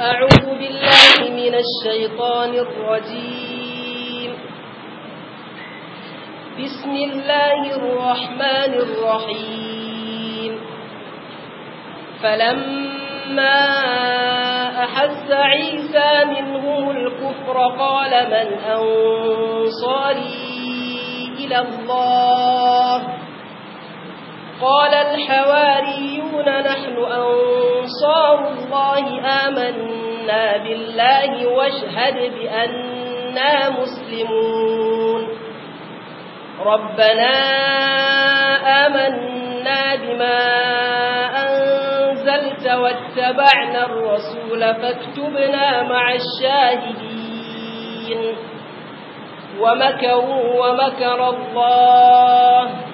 أعوذ بالله من الشيطان الرجيم بسم الله الرحمن الرحيم فلما أحس عيسى منهم الكفر قال من أنصاري إلى الله قال الحواريون نحن أنصار الله آمنا بالله واشهد بأننا مسلمون ربنا آمنا بما أنزلت واتبعنا الرسول فاكتبنا مع الشاهدين ومكروا ومكر الله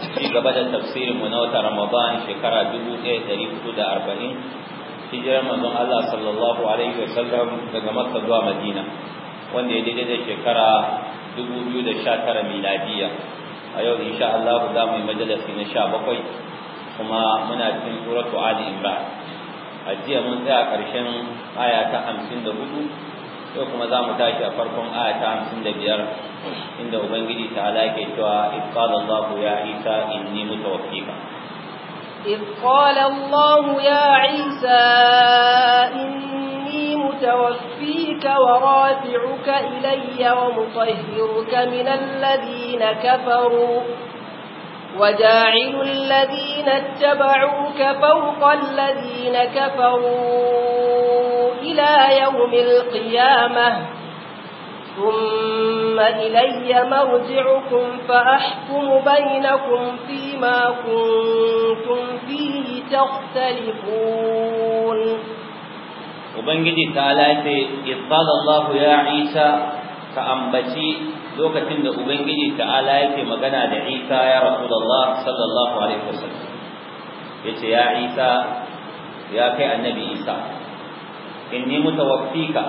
ci gaba da tafsirin mu na wata Ramadan shekara 1440 hijirar manzon Allah sallallahu alaihi Sallam daga Makka zuwa Madina wanda ya daidai da shekara tara miladiya a yau insha Allah za mu yi majalisi na bakwai, kuma muna cikin suratu Ali Imran a jiya mun tsaya ƙarshen aya ta hamsin da hudu. yau kuma za mu tashi a farkon aya ta hamsin da biyar inda ubangiji ta halake cewa if qala allah ya isa inni mutawaffika إذ قال الله يا عيسى إني متوفيك ورافعك إلي ومطهرك من الذين كفروا وجاعل الذين اتبعوك فوق الذين كفروا إلى يوم القيامة ثم إلي مرجعكم فأحكم بينكم فيما كنتم فيه تختلفون Ubangiji ta ce, Isbal Allah Isa ka ambaci lokacin da Ubangiji ta'ala yake magana da Isa ya Rasulullah sallallahu Alaihi wasallam. Ya ce, Ya ya kai annabi Isa, inni mutawaffika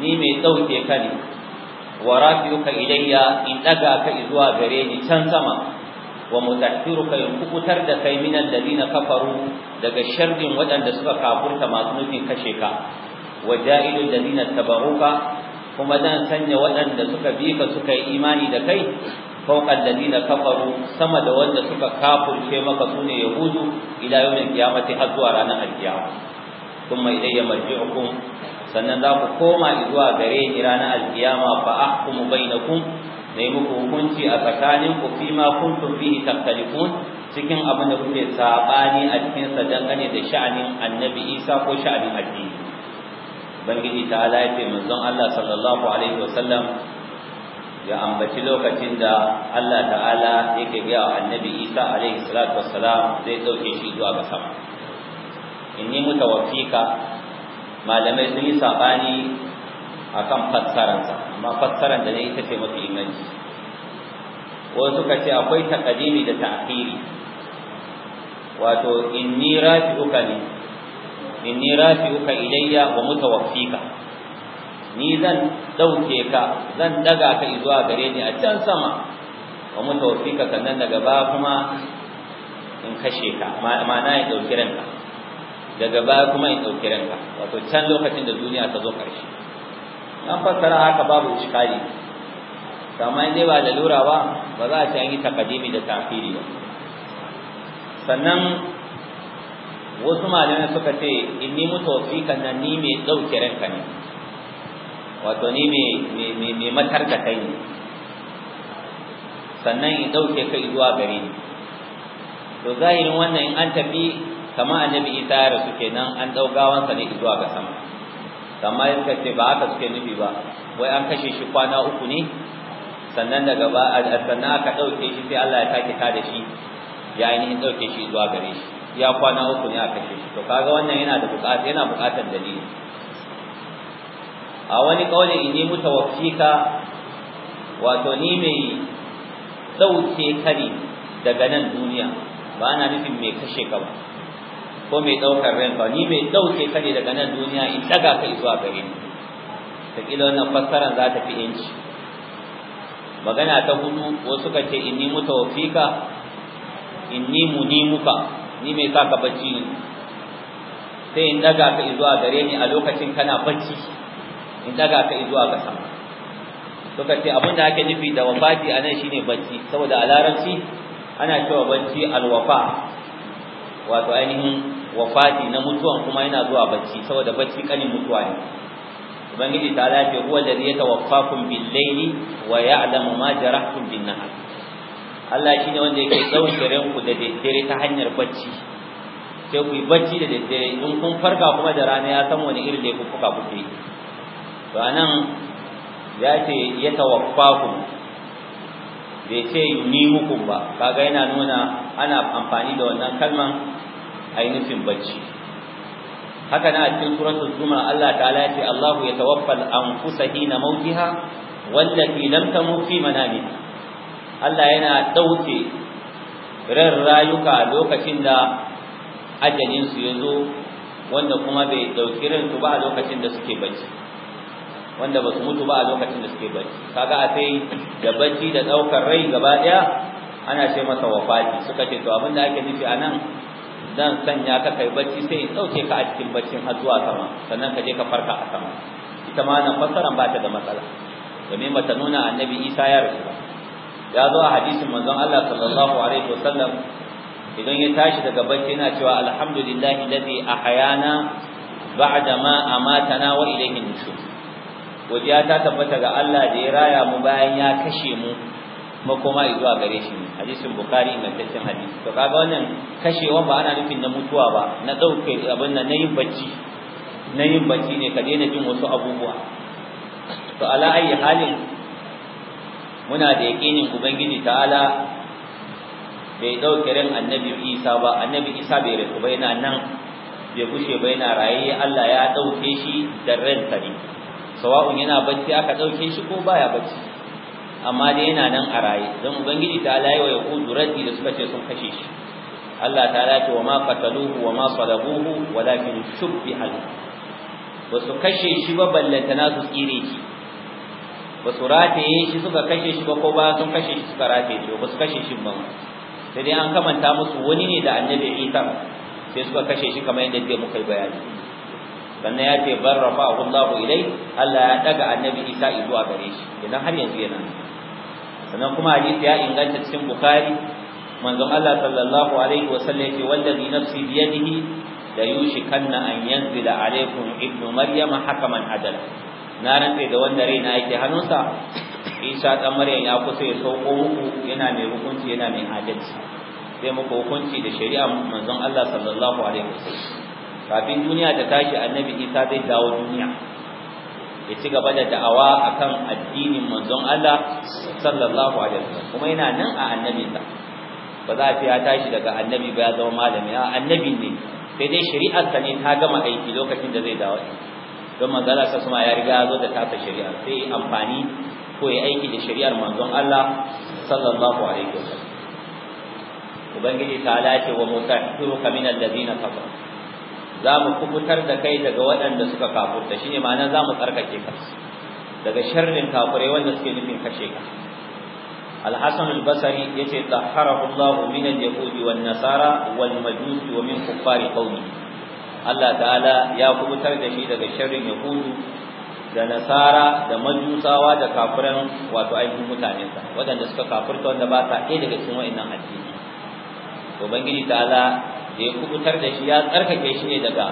ni mai dauke ka ne wa rafi'uka ilayya in daga ka zuwa gare ni can sama wa mutahhiruka in kubutar da kai min alladina kafaru daga sharrin waɗanda suka kafurta masu nufin kashe ka wa ja'ilu alladina tabaruka kuma zan sanya waɗanda suka bi ka suka yi imani da kai fawqa alladina kafaru sama da wanda suka kafurce maka sune yahudu ila yawmin qiyamati har zuwa ranar alkiyama thumma ilayya marji'ukum sannan za ku koma zuwa gare ni ranar alkiyama fa ahkumu ku? Mai muku hukunci a tsakanin ku fi ma kuntum fihi cikin abin da kuke saɓani a cikin sa dangane da sha'anin annabi Isa ko sha'anin addini bangiji ta ya Allah alaihi ya ambaci lokacin da Allah ta'ala yake wa annabi Isa alaihi salatu wassalam zai dauke shi zuwa ga sama inni mutawaffika malamai sun yi sabani akan fassaransa amma fassaran da ne ita ce mafi inganci wasu suka ce akwai taqdimi da ta'khiri wato inni rafi'uka ne inni rafi'uka ilayya wa mutawaffika ni zan dauke ka zan daga ka zuwa gare ni a can sama wa mutawaffika sannan daga ba kuma in kashe ka ma'ana ya dauki ranka daga baya kuma in dauke ranka wato can lokacin da duniya ta zo ƙarshe an fassara haka babu iskali kamar dai ba da lura ba ba za a ce an yi takadimi da tafiri ba sannan wasu malamai suka ce inni mutu wasiƙan nan ni mai dauke ranka ne wato ni mai matar da kai ne sannan in dauke kai zuwa gare ni to zahirin wannan in an tafi kama annabi isa ya rasu kenan an dau gawan sa ne zuwa ga sama kama yake ce ba aka suke nufi ba wai an kashe shi kwana uku ne sannan daga ba sannan aka dauke shi sai Allah ya take ta da shi ya in dauke shi zuwa gare shi ya kwana uku ne aka kashe shi to kaga wannan yana da bukata yana bukatar dalili a wani kaulin inni mutawaffika wato ni mai dauke kare daga nan duniya ba na nufin mai kashe ka ba ko mai daukar ranka ni mai dauke ka ne daga nan duniya in daga kai zuwa gare ni ta kila wannan fassara za ta fi inci magana ta hudu wasu suka ce inni mutawfika inni munimuka ni mai saka bacci ne sai in daga ka zuwa gare ni a lokacin kana bacci in daga ka zuwa ga sama suka ce abin da ake nufi da wafati anan shine bacci saboda a larabci ana cewa bacci alwafa wato ainihin wafati na mutuwan kuma yana zuwa bacci saboda bacci kanin mutuwa ne ubangiji ta ala ce huwa alladhi yatawaffakum bil layli wa ya'lamu ma jarahtum bin nahar Allah shine wanda yake dauke ranku da daddare ta hanyar bacci sai ku yi bacci da daddare in kun farka kuma da rana ya san wani irin laifuka kuke to anan ya ce yatawaffakum bai ce ni hukum ba kaga yana nuna ana amfani da wannan kalman ainihin bacci haka na a cikin suratul zumar Allah ta'ala ya ce Allahu yatawaffal anfusa hina mautiha wallati lam tamut fi manami Allah yana dauke ran rayuka lokacin da ajalin su yazo wanda kuma bai dauki ran su ba a lokacin da suke bacci wanda ba su mutu ba a lokacin da suke bacci kaga a sai da bacci da daukar rai gaba daya ana ce masa wafati suka ce to abinda ake nufi anan zan sanya ka kai bacci sai in dauke ka a cikin baccin har zuwa sama sannan ka je ka farka a sama ita ma nan fassaran ba ta da matsala domin bata nuna annabi Isa ya rasu ya zo a hadisin manzon Allah sallallahu alaihi wasallam idan ya tashi daga bacci yana cewa alhamdulillahi ladhi ahayana ba'da ma amatana wa ilayhi nushur godiya ta tabbata ga Allah da ya raya mu bayan ya kashe mu makoma zuwa gare shi hadisin bukhari ingantaccen hadisi to kaga wannan kashewa ba ana nufin na mutuwa ba na dauke abin nan nayin bacci nayin bacci ne ka daina jin wasu abubuwa to ala ayi halin muna da yakinin ubangiji ta'ala bai dauke ran annabi Isa ba annabi Isa bai rasu ba yana nan bai gushe ba yana raye Allah ya dauke shi da ran ne sawa'un yana bacci aka dauke shi ko baya bacci amma dai yana nan a raye don ubangiji ta alayi wa yahudu raddi da suka ce sun kashe shi Allah ta alaye wa ma qataluhu wa ma salabuhu walakin shubbiha ba su kashe shi ba ballanta na su tsire shi ba su rataye shi suka kashe shi ba ko ba sun kashe shi suka rataye shi ba su kashe shi ba sai dai an kamanta musu wani ne da annabi Isa sai suka kashe shi kamar yadda jiya muka yi bayani sannan ya ce barrafa Allah ilai Allah ya daga annabi Isa zuwa gare shi idan har yanzu yana sannan kuma hadisi ya inganta cikin bukhari manzon Allah sallallahu alaihi wasallam yake wallazi nafsi biyadihi la yushikanna an yanzila alaikum ibnu maryama hakaman adala na rantse da wanda raina yake hannunsa Isa dan Maryam ya kusa ya sauko muku yana mai hukunci yana mai adalci Sai muku hukunci da shari'a manzon Allah sallallahu alaihi wasallam kafin duniya ta tashi annabi Isa zai dawo duniya ya ci gaba da da'awa kan addinin manzon Allah sallallahu alaihi wasallam kuma yana nan a annabinsa ba za a fi ya tashi daga annabi ba ya zama malami a annabi ne sai dai shari'ar ta ne ta gama aiki lokacin da zai dawo don manzala sa kuma ya riga ya zo da tasa shari'a sai amfani ko ya aiki da shari'ar manzon Allah sallallahu alaihi wasallam ubangiji ta lace wa mutahhiruka kamina alladhina kafaru za mu kubutar da kai daga waɗanda suka kafurta shine ma'ana za mu tsarkake ka daga sharrin kafurai wanda suke nufin kashe ka al-hasan al-basri yace taharahu Allah min al-yahudi wan nasara wal majusi wa min kuffari qaumi Allah ta'ala ya kubutar da shi daga sharrin yahudu da nasara da majusawa da kafiran wato ainihin mutanensa waɗanda suka kafurta wanda ba ta ɗaya daga cikin wa'annan addini ubangiji ta'ala da ya kubutar da shi ya tsarkake shi ne daga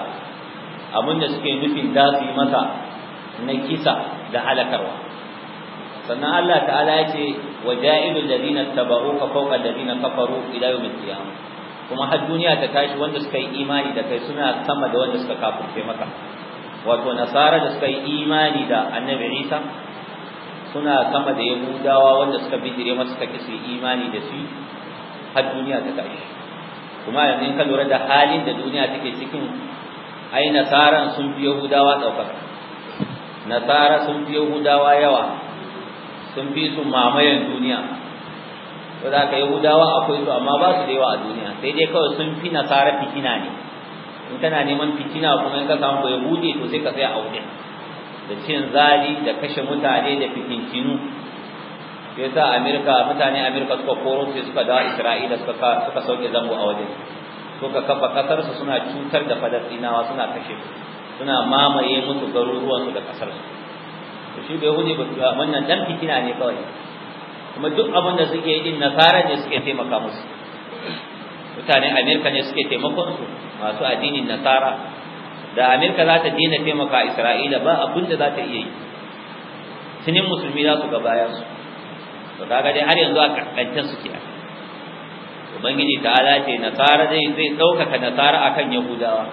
abin da suke nufin da su yi masa na kisa da halakarwa sannan Allah ta'ala ya ce wa ja'ilul ladina ka fawqa ladina kafaru ila yawmil qiyamah kuma har duniya ta tashi wanda suka yi imani da kai suna sama da wanda suka kafirce maka wato nasara da suka yi imani da annabi Isa suna sama da yahudawa wanda suka bijire masa suka kisi imani da su har duniya ta tashi kuma yanzu in ka lura da halin da duniya take cikin ai nasaran sun fi yahudawa daukar nasara sun fi yahudawa yawa sun fi su mamayen duniya ko da ka yahudawa akwai su amma ba su da yawa a duniya sai dai kawai sun fi nasara fitina ne in kana neman fitina kuma in ka samu yahudi to sai ka tsaya a da cin zali da kashe mutane da fitincinu yasa Amerika mutane Amerika suka koro sai suka da Isra'ila suka suka sauke zango a waje. suka kafa kasar su suna cutar da Falastinawa suna kashe su suna mamaye musu garuruwan su da kasar su to shi bai hude ba wannan dan fitina ne kawai kuma duk abin da suke yi din nasara ne suke taimaka musu mutane Amerika ne suke taimakon su masu addinin nasara da Amerika za ta dina taimaka Isra'ila ba abin da za ta iya yi tunin musulmi za su ga su to kaga dai har yanzu a kaskance suke ubangiji ta'ala ce nasara zai zai daukaka nasara akan yahudawa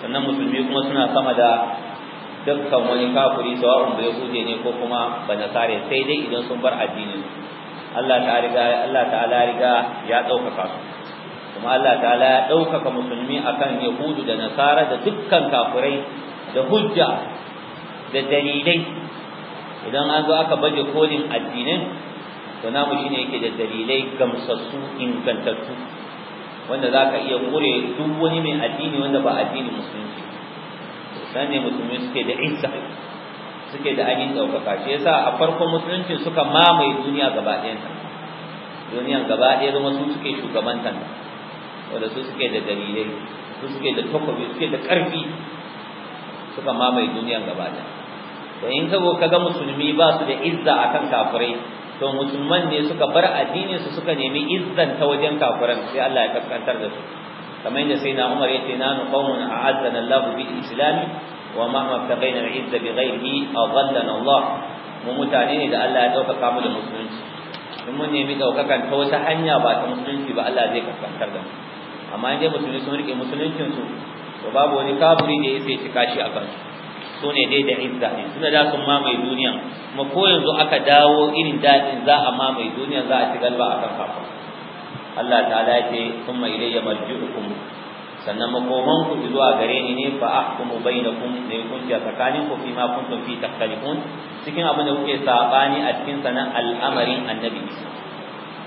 sannan musulmi kuma suna sama da dukkan wani kafiri sawa'un bai yahude ne ko kuma ba nasare sai dai idan sun bar addinin Allah ta riga Allah ta'ala riga ya daukaka su kuma Allah ta'ala ya daukaka musulmi akan yahudu da nasara da dukkan kafirai da hujja da dalilai idan an zo aka baje kodin addinin to namu shine yake da dalilai gamsassu ingantattu wanda za ka iya kure duk wani mai addini wanda ba addini musulunci sai ne musulmi suke da isa suke da ainihin ɗaukaka shi yasa a farkon musulunci suka mamaye duniya gaba ɗayanta duniyan gaba ɗaya zama su suke shugabanta wanda su suke da dalilai su suke da takobi suke da ƙarfi suka mamaye duniyan gaba ɗaya da in ka ga musulmi ba su da izza akan kafirai to musulman ne suka bar addinin su suka nemi izzan ta wajen kafiran sai Allah ya kaskantar da su kamar yadda sai na Umar yace nanu qaumun a'azzana Allah bil islam wa ma mabtaqina al-izza bi ghayrihi adallana Allah mu mutane ne da Allah ya dauka mu da musulunci in mun nemi daukakan ta wata hanya ba ta musulunci ba Allah zai kaskantar da mu amma in dai musulmi sun rike musuluncin su to babu wani kafiri da yake cika kashi a kansu su ne dai da izza ne suna da sun mamaye duniya kuma ko yanzu aka dawo irin dadin za a mamaye duniya za a ci galba kan kafa Allah ta'ala ya ce sun kuma ilayya marji'ukum sannan makoman ku zuwa gare ni ne fa ahkumu bainakum ne kun ta tsakanin ku fi ma kuntum fi takhtalifun cikin abin da kuke sabani a cikin sanan al'amarin annabi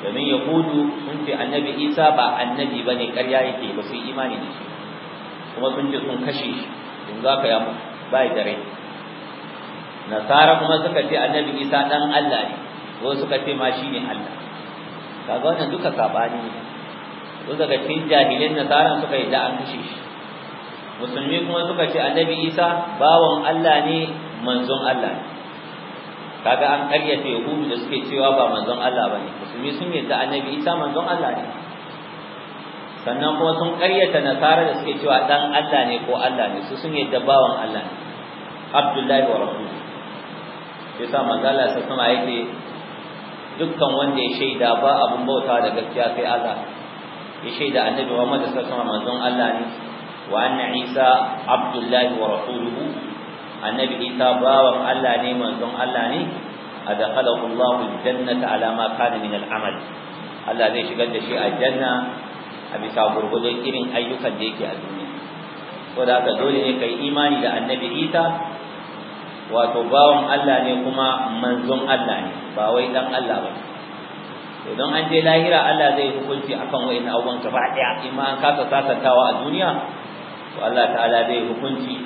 domin yahudu sun ce annabi isa ba annabi bane ƙarya yake ba su imani da shi kuma sun ce sun kashe shi yanzu aka ya mutu bai da rai nasara kuma suka ce annabi isa dan Allah ne ko suka ce ma shi ne Allah kaga wannan duka sabani ne ko daga cikin jahilin nasara suka yi da an kashe shi musulmi kuma suka ce annabi isa bawan Allah ne manzon Allah ne kaga an karyace yahudu da suke cewa ba manzon Allah bane musulmi sun yi da annabi isa manzon Allah ne sannan kuma sun ƙaryata nasara da suke cewa dan Allah ne ko Allah ne su sun yadda bawan Allah ne Abdullahi wa Rasul sa manzala sa sama yake dukkan wanda ya shaida ba abun bauta da gaskiya sai Allah ya shaida annabi Muhammad sallallahu alaihi wasallam Allah ne wa anna Isa Abdullahi wa rasuluhu annabi Isa bawan Allah ne manzon Allah ne adakhalahu Allahu aljannata ala ma kana min al'amal Allah zai shigar da shi aljanna a bisa gurgudun irin ayyukan da yake a duniya ko da haka dole ne kai imani da annabi isa wato bawan Allah ne kuma manzon Allah ne ba wai dan Allah ba don an je lahira Allah zai hukunci akan wayin abubuwan ba daya in ma an kasa sasantawa a duniya to Allah ta'ala zai hukunci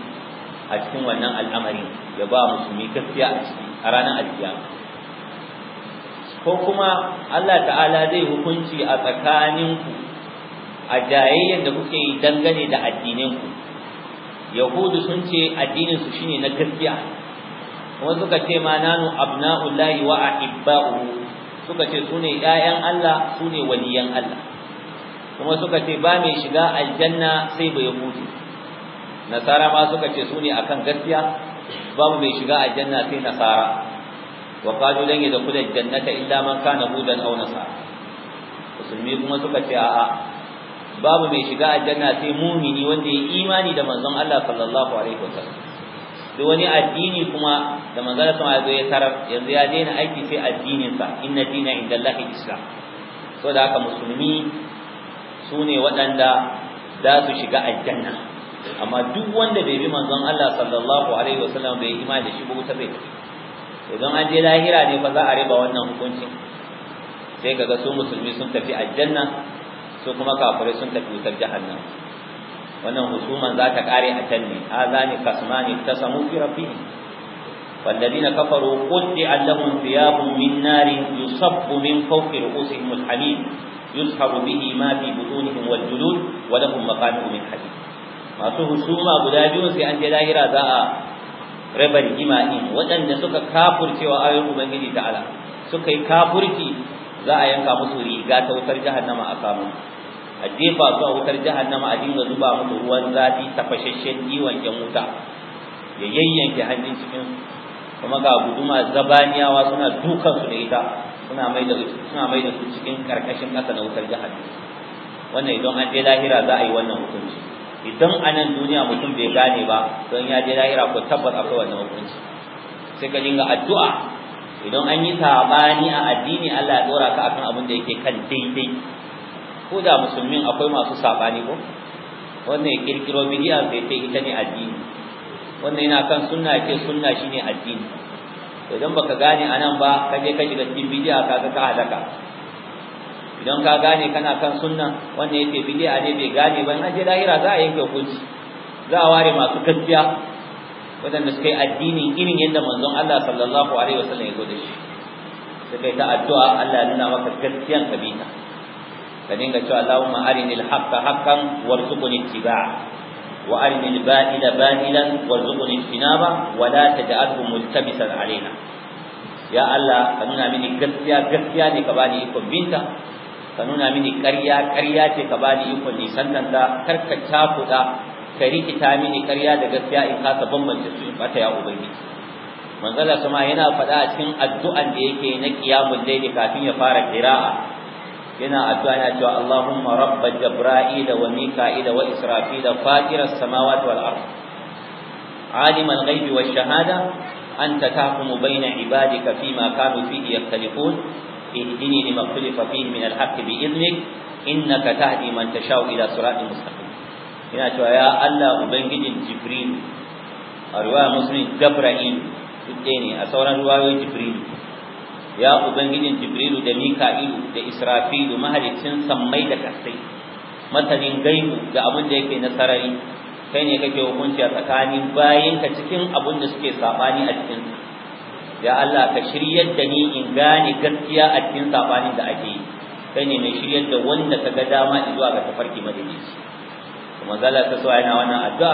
a cikin wannan al'amari ya ba musulmi gaskiya a ranar aljiya ko kuma Allah ta'ala zai hukunci a tsakaninku a jayayyen da kuke yi dangane da addininku yahudu sun ce addininsu shine na gaskiya kuma suka ce ma nanu abna'ullahi wa ahibba'u suka ce sune 'ya'yan Allah sune waliyan Allah kuma suka ce ba mai shiga aljanna sai ba yahudu nasara ma suka ce sune akan gaskiya ba mai shiga aljanna sai nasara wa qalu lan yadkhul jannata illa man kana hudan aw nasara musulmi kuma suka ce a'a babu mai shiga aljanna sai mumini wanda ya imani da manzon Allah sallallahu alaihi wasallam duk wani addini kuma da manzon Allah ya zo ya tarar yanzu ya daina aiki sai addinin sa inna dina indallahi islam So da haka musulmi sune waɗanda za su shiga aljanna amma duk wanda bai bi manzon Allah sallallahu alaihi wasallam bai imani da shi ba wuta bai idan an je lahira ne fa za a riba wannan hukuncin sai kaga su musulmi sun tafi aljanna su kuma kafirai sun tafi wutar jahannam wannan husuma za ta kare a can ne azani kasmani tasamu fi rabbihim والذين كفروا قطع لهم ثياب من نار يصب من فوق رؤوسهم الحميد يصهر به ما في بطونهم والجلود ولهم مقامع من حديد masu husuma guda biyu sai an je lahira za a raba rigima din waɗanda suka kafurcewa ayoyin ubangiji ta'ala suka yi kafurci za a yanka musu riga ta wutar jahannama a kamun a jefa su a wutar jahannama a dinga zuba musu ruwan zafi tafashashen diwan ke muta ya yayyanke hannun cikin kuma ga guduma zabaniyawa suna dukan su da ita suna mai da suna mai da su cikin karkashin ƙasa na wutar jahannama wannan idan an je lahira za a yi wannan hukunci idan a nan duniya mutum bai gane ba don ya je lahira ko tabbas akwai wannan hukunci sai ka dinga addu'a idan an yi sabani a addini Allah ya dora ka akan abin da yake kan daidai ko da musulmin akwai masu sabani ko wannan ya kirkiro bid'a sai ta ita ne addini wannan yana kan sunna ce sunna shine addini idan baka gane anan ba ka je ka shiga cikin bid'a kaga ka halaka idan ka gane kana kan sunna wannan yake bid'a ne bai gane ba na je lahira za a yanke hukunci za a ware masu gaskiya wadanda suka yi addinin irin yadda manzon Allah sallallahu alaihi wasallam ya gode shi suka yi ta addu'a Allah ya nuna maka gaskiyan kabita ka dinga cewa Allahumma arinil haqqo haqqan warzuqni ittiba'a wa arinil batila ba'ilan warzuqni ittinaba wa la taj'alhu multabisan alaina ya Allah ka nuna mini gaskiya gaskiya ne ka bani ikon binta ka nuna mini ƙarya ƙarya ce ka bani ikon nisantanta kar ka cakuɗa ka rikita mini ƙarya da gaskiya in kasa bambance su in bata ya ubangiji manzala sama yana faɗa a cikin addu'an da yake na qiyamul layli kafin ya fara qira'a yana addu'a yana cewa Allahumma rabb jibril wa mika'il wa israfil fatir as-samawati wal ard alim al-ghaibi wash shahada anta tahkumu bayna ibadika fima kanu fihi yaktalifun ihdini lima ikhtalafa fihi min al-haqq bi idnik innaka tahdi man tashau ila siratin mustaqim yana cewa ya Allah ubangijin jibril a riwaya muslim gabra'il duk ne a sauran riwayoyin jibril ya ubangijin jibrilu da mika'ilu da israfilu mahalicin sammai da kasai matanin gaibu ga abin da yake na sarari kai ne kake hukunci a tsakanin bayanka cikin abin da suke sabani a cikin ya Allah ka shiryar da ni in gane gaskiya a cikin sabani da ake yi kai ne mai shiryar da wanda ka ga dama zuwa ga tafarki madalici kuma zala ta so yana wannan addu'a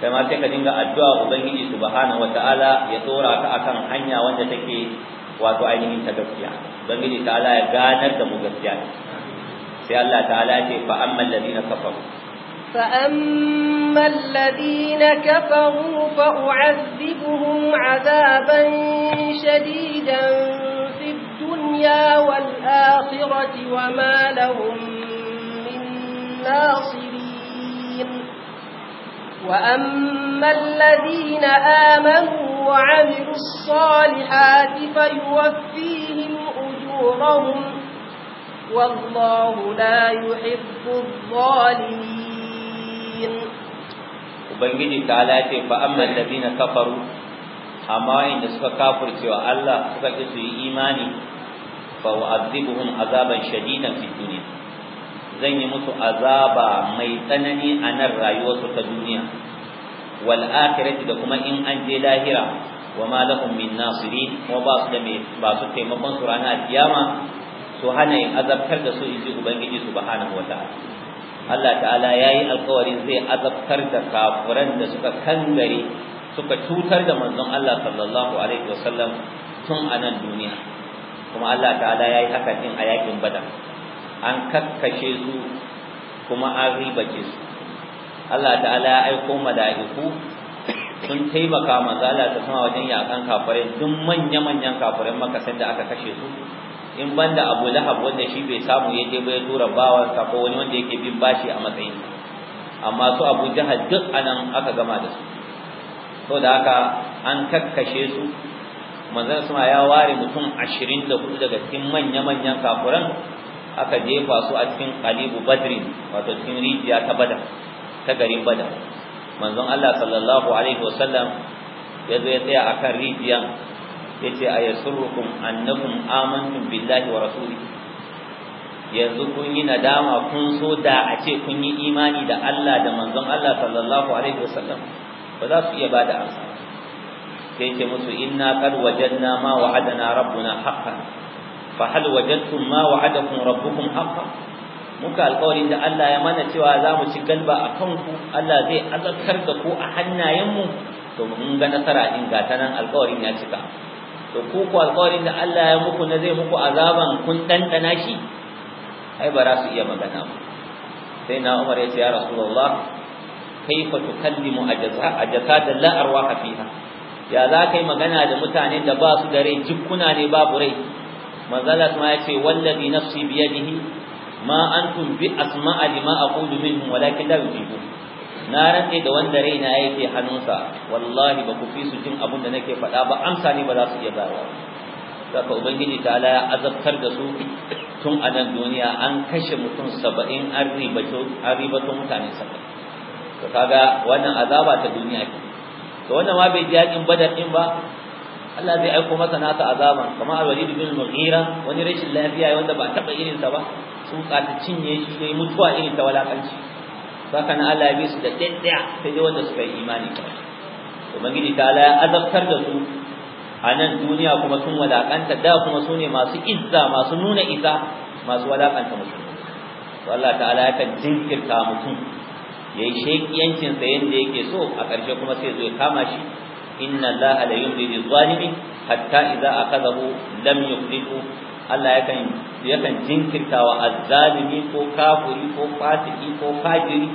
kai ma sai ka dinga addu'a ubangiji subhanahu wataala ya tsora ka akan hanya wanda take wato ainihin ta gaskiya ubangiji ala ya ganar da mu gaskiya sai Allah ta'ala ce fa ammal ladina kafaru fa ammal ladina kafaru fa u'azzibuhum 'adaban shadidan fid dunya wal akhirati wa ma lahum min nasir وأما الذين آمنوا وعملوا الصالحات فيوفيهم أجورهم والله لا يحب الظالمين Ubangiji ta lafi fa amman ladina kafaru amma inda suka kafirce wa Allah suka ki su yi imani fa wa'adhibuhum azaban shadidan zan yi musu azaba mai tsanani a nan rayuwarsu ta duniya wal akhirati da kuma in an je lahira wa ma lahum min kuma ba su da mai ba su taimakon su ranar kiyama to hana yin azabtar da su inji ubangiji subhanahu wataala Allah ta'ala yayi alƙawarin zai azabtar da kafuran da suka kangare suka cutar da manzon Allah sallallahu alaihi wasallam tun a nan duniya kuma Allah ta'ala yayi haka din a yakin badar an kakkashe su kuma an ribace su Allah ta'ala ya aiko mala'iku sun taimaka maza Allah ta sama wajen yakan kafirai duk manya manyan kafirai maka sai da aka kashe su in banda Abu Lahab wanda shi bai samu ya je bai tura sa ko wani wanda yake bin bashi a matsayin amma su Abu Jahal duk anan aka gama da su to da haka an kakkashe su manzon sama ya ware mutum 24 daga cikin manya-manyan kafuran aka jefa su a cikin qalibu badrin wato cikin rijiya ta badar ta garin badar manzon Allah sallallahu alaihi wasallam ya zo ya tsaya akan rijiyan yace ayasurrukum annakum amantum billahi wa rasuli yanzu kun yi nadama kun so da a ce kun yi imani da Allah da manzon Allah sallallahu alaihi wasallam ba za su iya bada amsa sai ce musu inna qad wajadna ma wa'adana rabbuna haqqan fa hal wajadtum ma wa'adakum rabbukum haqqan muka alƙawarin da Allah ya mana cewa za mu ci galba a kanku Allah zai azabtar da ku a hannayenmu to mun ga nasara din ga ta nan alƙawarin ya cika to ku ku alƙawarin da Allah ya muku na zai muku azaban kun ɗanɗana shi ai ba za su iya magana ba sai na Umar ya ce ya Rasulullah kaifa tukallimu ajza ajza la arwaha fiha ya za yi magana da mutanen da ba su da rai jikkuna ne babu rai manzala kuma yace wallazi nafsi biyadihi ma antum bi asma'a lima aqulu minhum walakin la yujibu na rantse da wanda raina yake hannunsa wallahi ba ku fi su jin abun da nake faɗa ba amsa ne ba za su iya bayarwa saka ubangiji ta ya azabtar da su tun a nan duniya an kashe mutum saba'in an ribato mutane saba'in to kaga wannan azaba ta duniya ke to wannan ma bai ji yakin badar ɗin ba Allah zai aiko masa nasa azaban kamar Al-Walid bin Mughira wani rashin lafiya wanda ba taba irin sa ba sun ta cinye shi ne mutuwa irin ta walakanci saka na Allah ya su da daddaya ta je wanda suka yi imani kawai to magidi ta Allah azabtar da su a nan duniya kuma sun walakanta da kuma su ne masu izza masu nuna isa masu walakanta mutum to Allah ta'ala ya kan jinkirta mutum yayi shekiyancin sa yanda yake so a ƙarshe kuma sai ya kama shi inna allaha la yumli lizalimi hatta idza akhadahu lam yuflihu Allah yakan yakan jinkirtawa azzalimi ko kafiri ko fasiki ko fajiri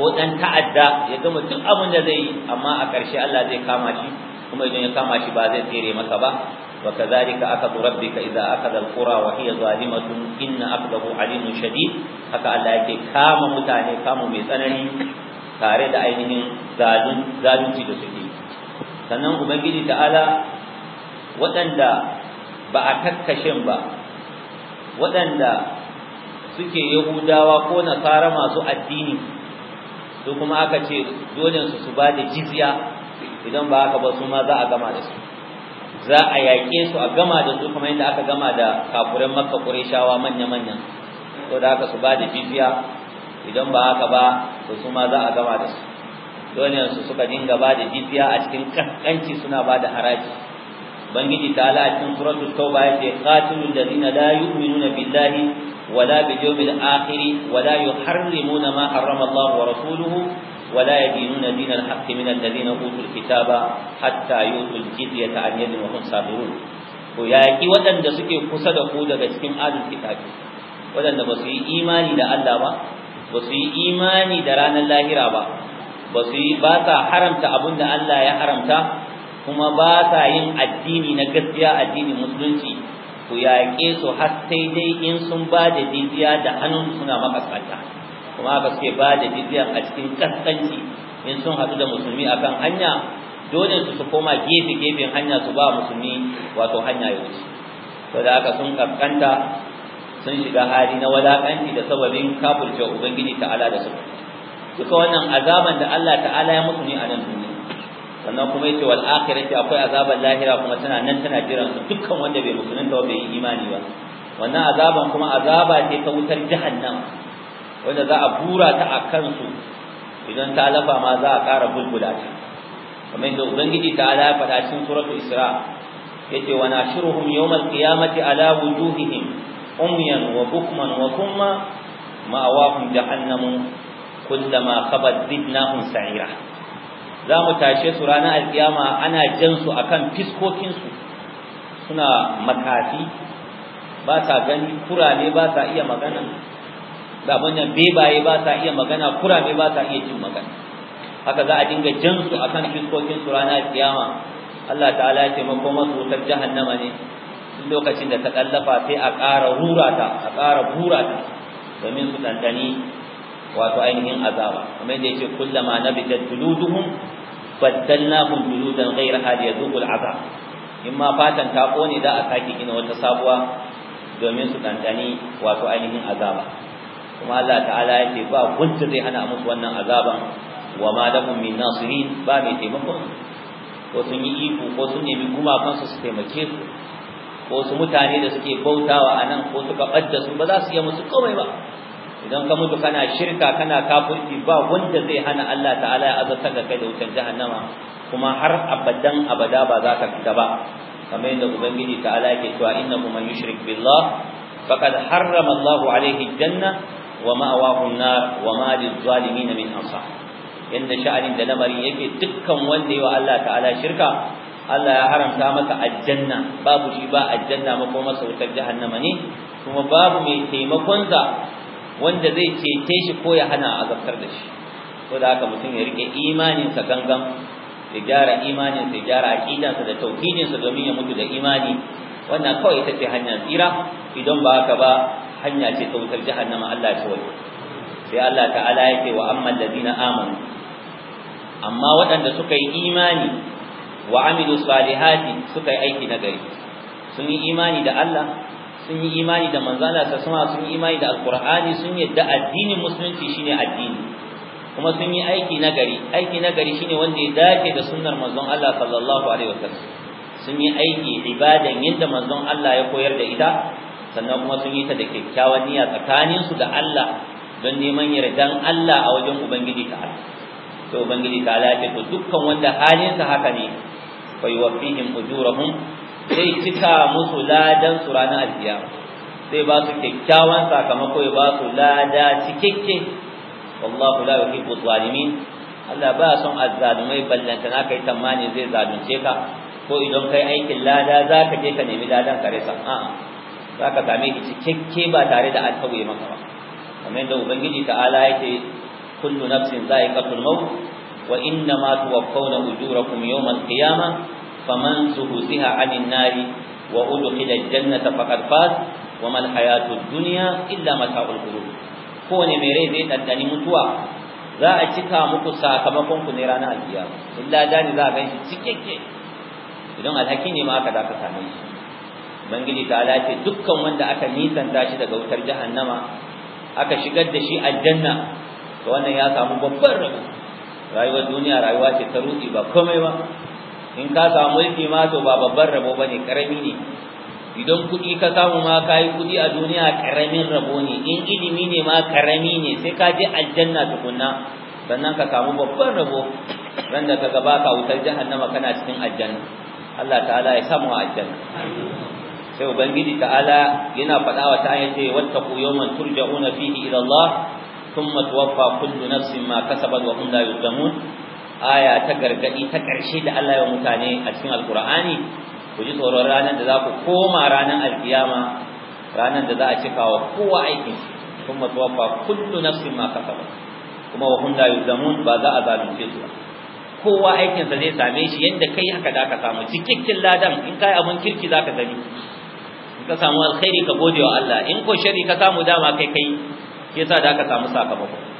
ko dan ta'adda ya gama duk abin da zai yi amma a ƙarshe Allah zai kama shi kuma idan ya kama shi ba zai tsere masa ba wa kadhalika akadu rabbika idza akada alqura wa hiya zalimatun inna akadahu alimun shadid haka Allah yake kama mutane kama mai tsanani tare da ainihin zalunci da suke sannan ubangiji ta'ala waɗanda ba a kakkashin ba waɗanda suke yahudawa ko nasara masu addini su kuma aka ce dole su ba da jizya idan ba haka ba su ma za a gama da su za a yaƙe su a gama da su kamar yadda aka gama da kafuran makka ƙureshawa manya-manyan to da haka su ba da jizya idan ba haka ba to su ma za a gama da su dole su suka dinga bada da jifiya a cikin kankanci suna ba da haraji bangiji ta ala cikin suratul tauba ya ce qatilul ladina la yu'minuna billahi wala bil yawmil akhir wala yuharrimuna ma harrama Allah wa rasuluhu wala ولا يدينون دين الحق من الذين اوتوا الكتاب حتى يؤتوا الجزيه عن يد وهم صابرون وياقي wadanda suke kusa da ku daga cikin adul kitabi wadanda ba su yi imani da Allah ba ba su yi imani da ranar lahira ba ba su yi ba sa haramta abin da Allah ya haramta kuma ba sa yin addini na gaskiya addinin musulunci ku yaƙe su har sai dai in sun ba da jizya da hannun suna makasata kuma haka suke ba da jizya a cikin kaskanci in sun haɗu da musulmi akan hanya dole su su koma gefe gefen hanya su ba musulmi wato hanya ya wuce to da haka sun kaskanta sun shiga hali na wadaƙanci da sababin kafurce ubangiji ta'ala da su suka wannan azaban da Allah ta'ala ya musu ne a nan duniya sannan kuma yace wal akhirati akwai azaban lahira kuma tana nan tana jiran su dukkan wanda bai musulunta bai yi imani ba wannan azaban kuma azaba ce ta wutar jahannam wanda za a bura ta a kansu idan ta lafa ma za a ƙara bulbula ta kamar yadda ubangiji ta ala faɗa cikin suratul isra yace wa nashuruhum yawmal qiyamati ala wujuhihim umyan wa bukman wa thumma ma'awahum jahannamu kullama khabat zidnahum sa'ira za mu tashe su ranar alkiyama ana jan su akan fiskokin su suna makafi ba sa gani kurame ba sa iya magana da bannan bebaye ba sa iya magana kurame ba sa iya jin magana haka za a dinga jan su akan fiskokin su ranar alkiyama Allah ta'ala ya taimako masu wutar jahannama ne lokacin da ta kallafa sai a ƙara rurata a ƙara burata domin su dandani. wato ainihin azaba kamar yadda yake kullama nabitat juluduhum baddalnahum juludan ghayraha liyadhuqu in ma fatan ta kone za a sake gina wata sabuwa domin su dandani wato ainihin azaba kuma Allah ta'ala yake ba gunta zai hana musu wannan azaban wa ma lahum min nasirin ba mai taimakon ko sun yi iko ko sun nemi gumakansu su taimake su ko su mutane da suke bautawa a nan ko suka ɓadda su ba za su yi musu komai ba idan ka mutu kana shirka kana kafirci ba wanda zai hana Allah ta'ala ya azabta da kai da wutar jahannama kuma har abadan abada ba za ka fita ba kamar yadda ubangiji ta'ala yake cewa innahu man yushrik billah faqad harrama Allah alaihi janna wa ma'awahu an-nar wa ma liz min ansar yanda sha'anin da lamarin yake dukkan wanda yawa Allah ta'ala shirka Allah ya haramta masa aljanna babu shi ba aljanna makoma sautar jahannama ne kuma babu mai taimakonsa wanda zai cece shi ko ya hana azabtar da shi ko da haka mutum ya rike imaninsa gangan ya gyara imaninsa ya gyara aqidansa da sa domin ya mutu da imani wannan kawai ita ce hanyar tsira idan ba haka ba hanya ce ta wutar jahannama Allah ya sai Allah ta'ala yake wa amman ladina amanu amma waɗanda suka yi imani wa amilu salihati suka yi aiki na nagari sun yi imani da Allah sun yi imani da manzala ta sama sun yi imani da alkur'ani sun yadda addinin musulunci shine addini kuma sun yi aiki na gari aiki na gari shine wanda ya dace da sunnar manzon Allah sallallahu alaihi wasallam sun yi aiki ibadan yadda manzon Allah ya koyar da ita sannan kuma sun yi ta da kyakkyawan niyya tsakanin su da Allah don neman yardan Allah a wajen ubangiji ta'ala to ubangiji ta'ala ya ce to dukkan wanda halinsa haka ne fa yuwaffihim ujurahum zai cika musu ladan su ranar alkiyama zai ba su kyakkyawan sakamako ya ba su lada cikakke wallahu la yuhibbu zalimin Allah ba son azzalumai ballanta na kai tamani zai zalunce ka ko idan kai aikin lada za ka je ka nemi ladan ka rasa a'a za ka same shi cikakke ba tare da an maka ba kamar yadda ubangiji ta'ala yake kullu nafsin za'iqatul maut wa inna ma tuwaffawna ujurakum yawmal qiyamah faman zuhuziha anin nari wa udkhila jannata faqad faz wa mal hayatud dunya illa mata'ul ghurur kowane mai rai zai ɗanɗani mutuwa za a cika muku sakamakon ku ne ranar alkiyama illa dani za a gan shi cikakke idan alhaki ne ma aka za ka same shi bangiji ta ce dukkan wanda aka nisanta shi daga wutar jahannama aka shigar da shi aljanna to wannan ya samu babban rabo rayuwar duniya rayuwa ce ta rudi ba komai ba in ka samu mulki ma to ba babban rabo bane karami ne idan kuɗi ka samu ma ka yi kuɗi a duniya karamin rabo ne in ilimi ne ma karami ne sai ka je aljanna tukunna sannan ka samu babban rabo wanda ka gaba baka wutar jahannama kana cikin aljanna Allah ta'ala ya samu aljanna sai ubangiji ta'ala yana faɗawa ta yace wattaqu yawman turja'una fihi ila Allah tuwaffa kullu nafsin ma kasabat wa hum la يظلمون aya ta gargadi ta ƙarshe da Allah ya mutane a cikin alƙur'ani? ku ji tsoron ranar da za ku koma ranar alkiyama ranar da za a cika wa kowa aikin kuma tuwaffa kullu nafsin ma kasabat kuma wa hum la ba za a zalunce su ba kowa aikin sa zai same shi yanda kai haka da ka samu cikakken ladan in kai abun kirki zaka gani ka samu alkhairi ka gode wa Allah in ko shari ka samu dama kai kai yasa da ka samu sakamako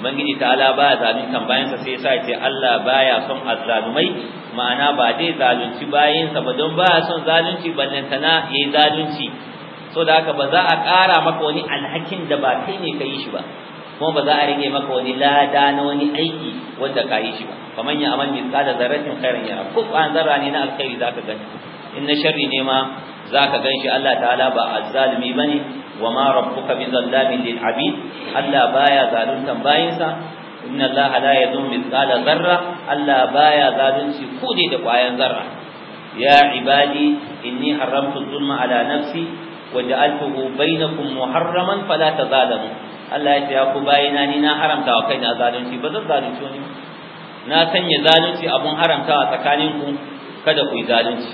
ubangiji ta'ala baya kan bayansa sai yasa yace Allah baya son azzalumai ma'ana ba dai zalunci bayansa ba don baya son zalunci tana yayi zalunci so da haka ba za a ƙara maka wani alhakin da ba kai ne ka yi shi ba kuma ba za a rage maka wani lada na wani aiki wanda ka yi shi ba kamar ya amal misqala zarratin khairin yara ko an zarra ne na alkhairi zaka gani in na sharri ne ma zaka ganshi Allah ta'ala ba azzalumi bane wa ma rabbuka bizallamin lil abid Allah baya zaluntan bayinsa inna Allah la yadhum mithqala zarra Allah baya zalunci kudi da kwayan zarra ya ibadi inni haramtu dhulma ala nafsi wa ja'altuhu bainakum muharraman fala tazalamu Allah ya ce ku bayina ni na haramta wa kaina zalunci ba zan zalunci wani na sanya zalunci abun haramtawa tsakaninku kada ku yi zalunci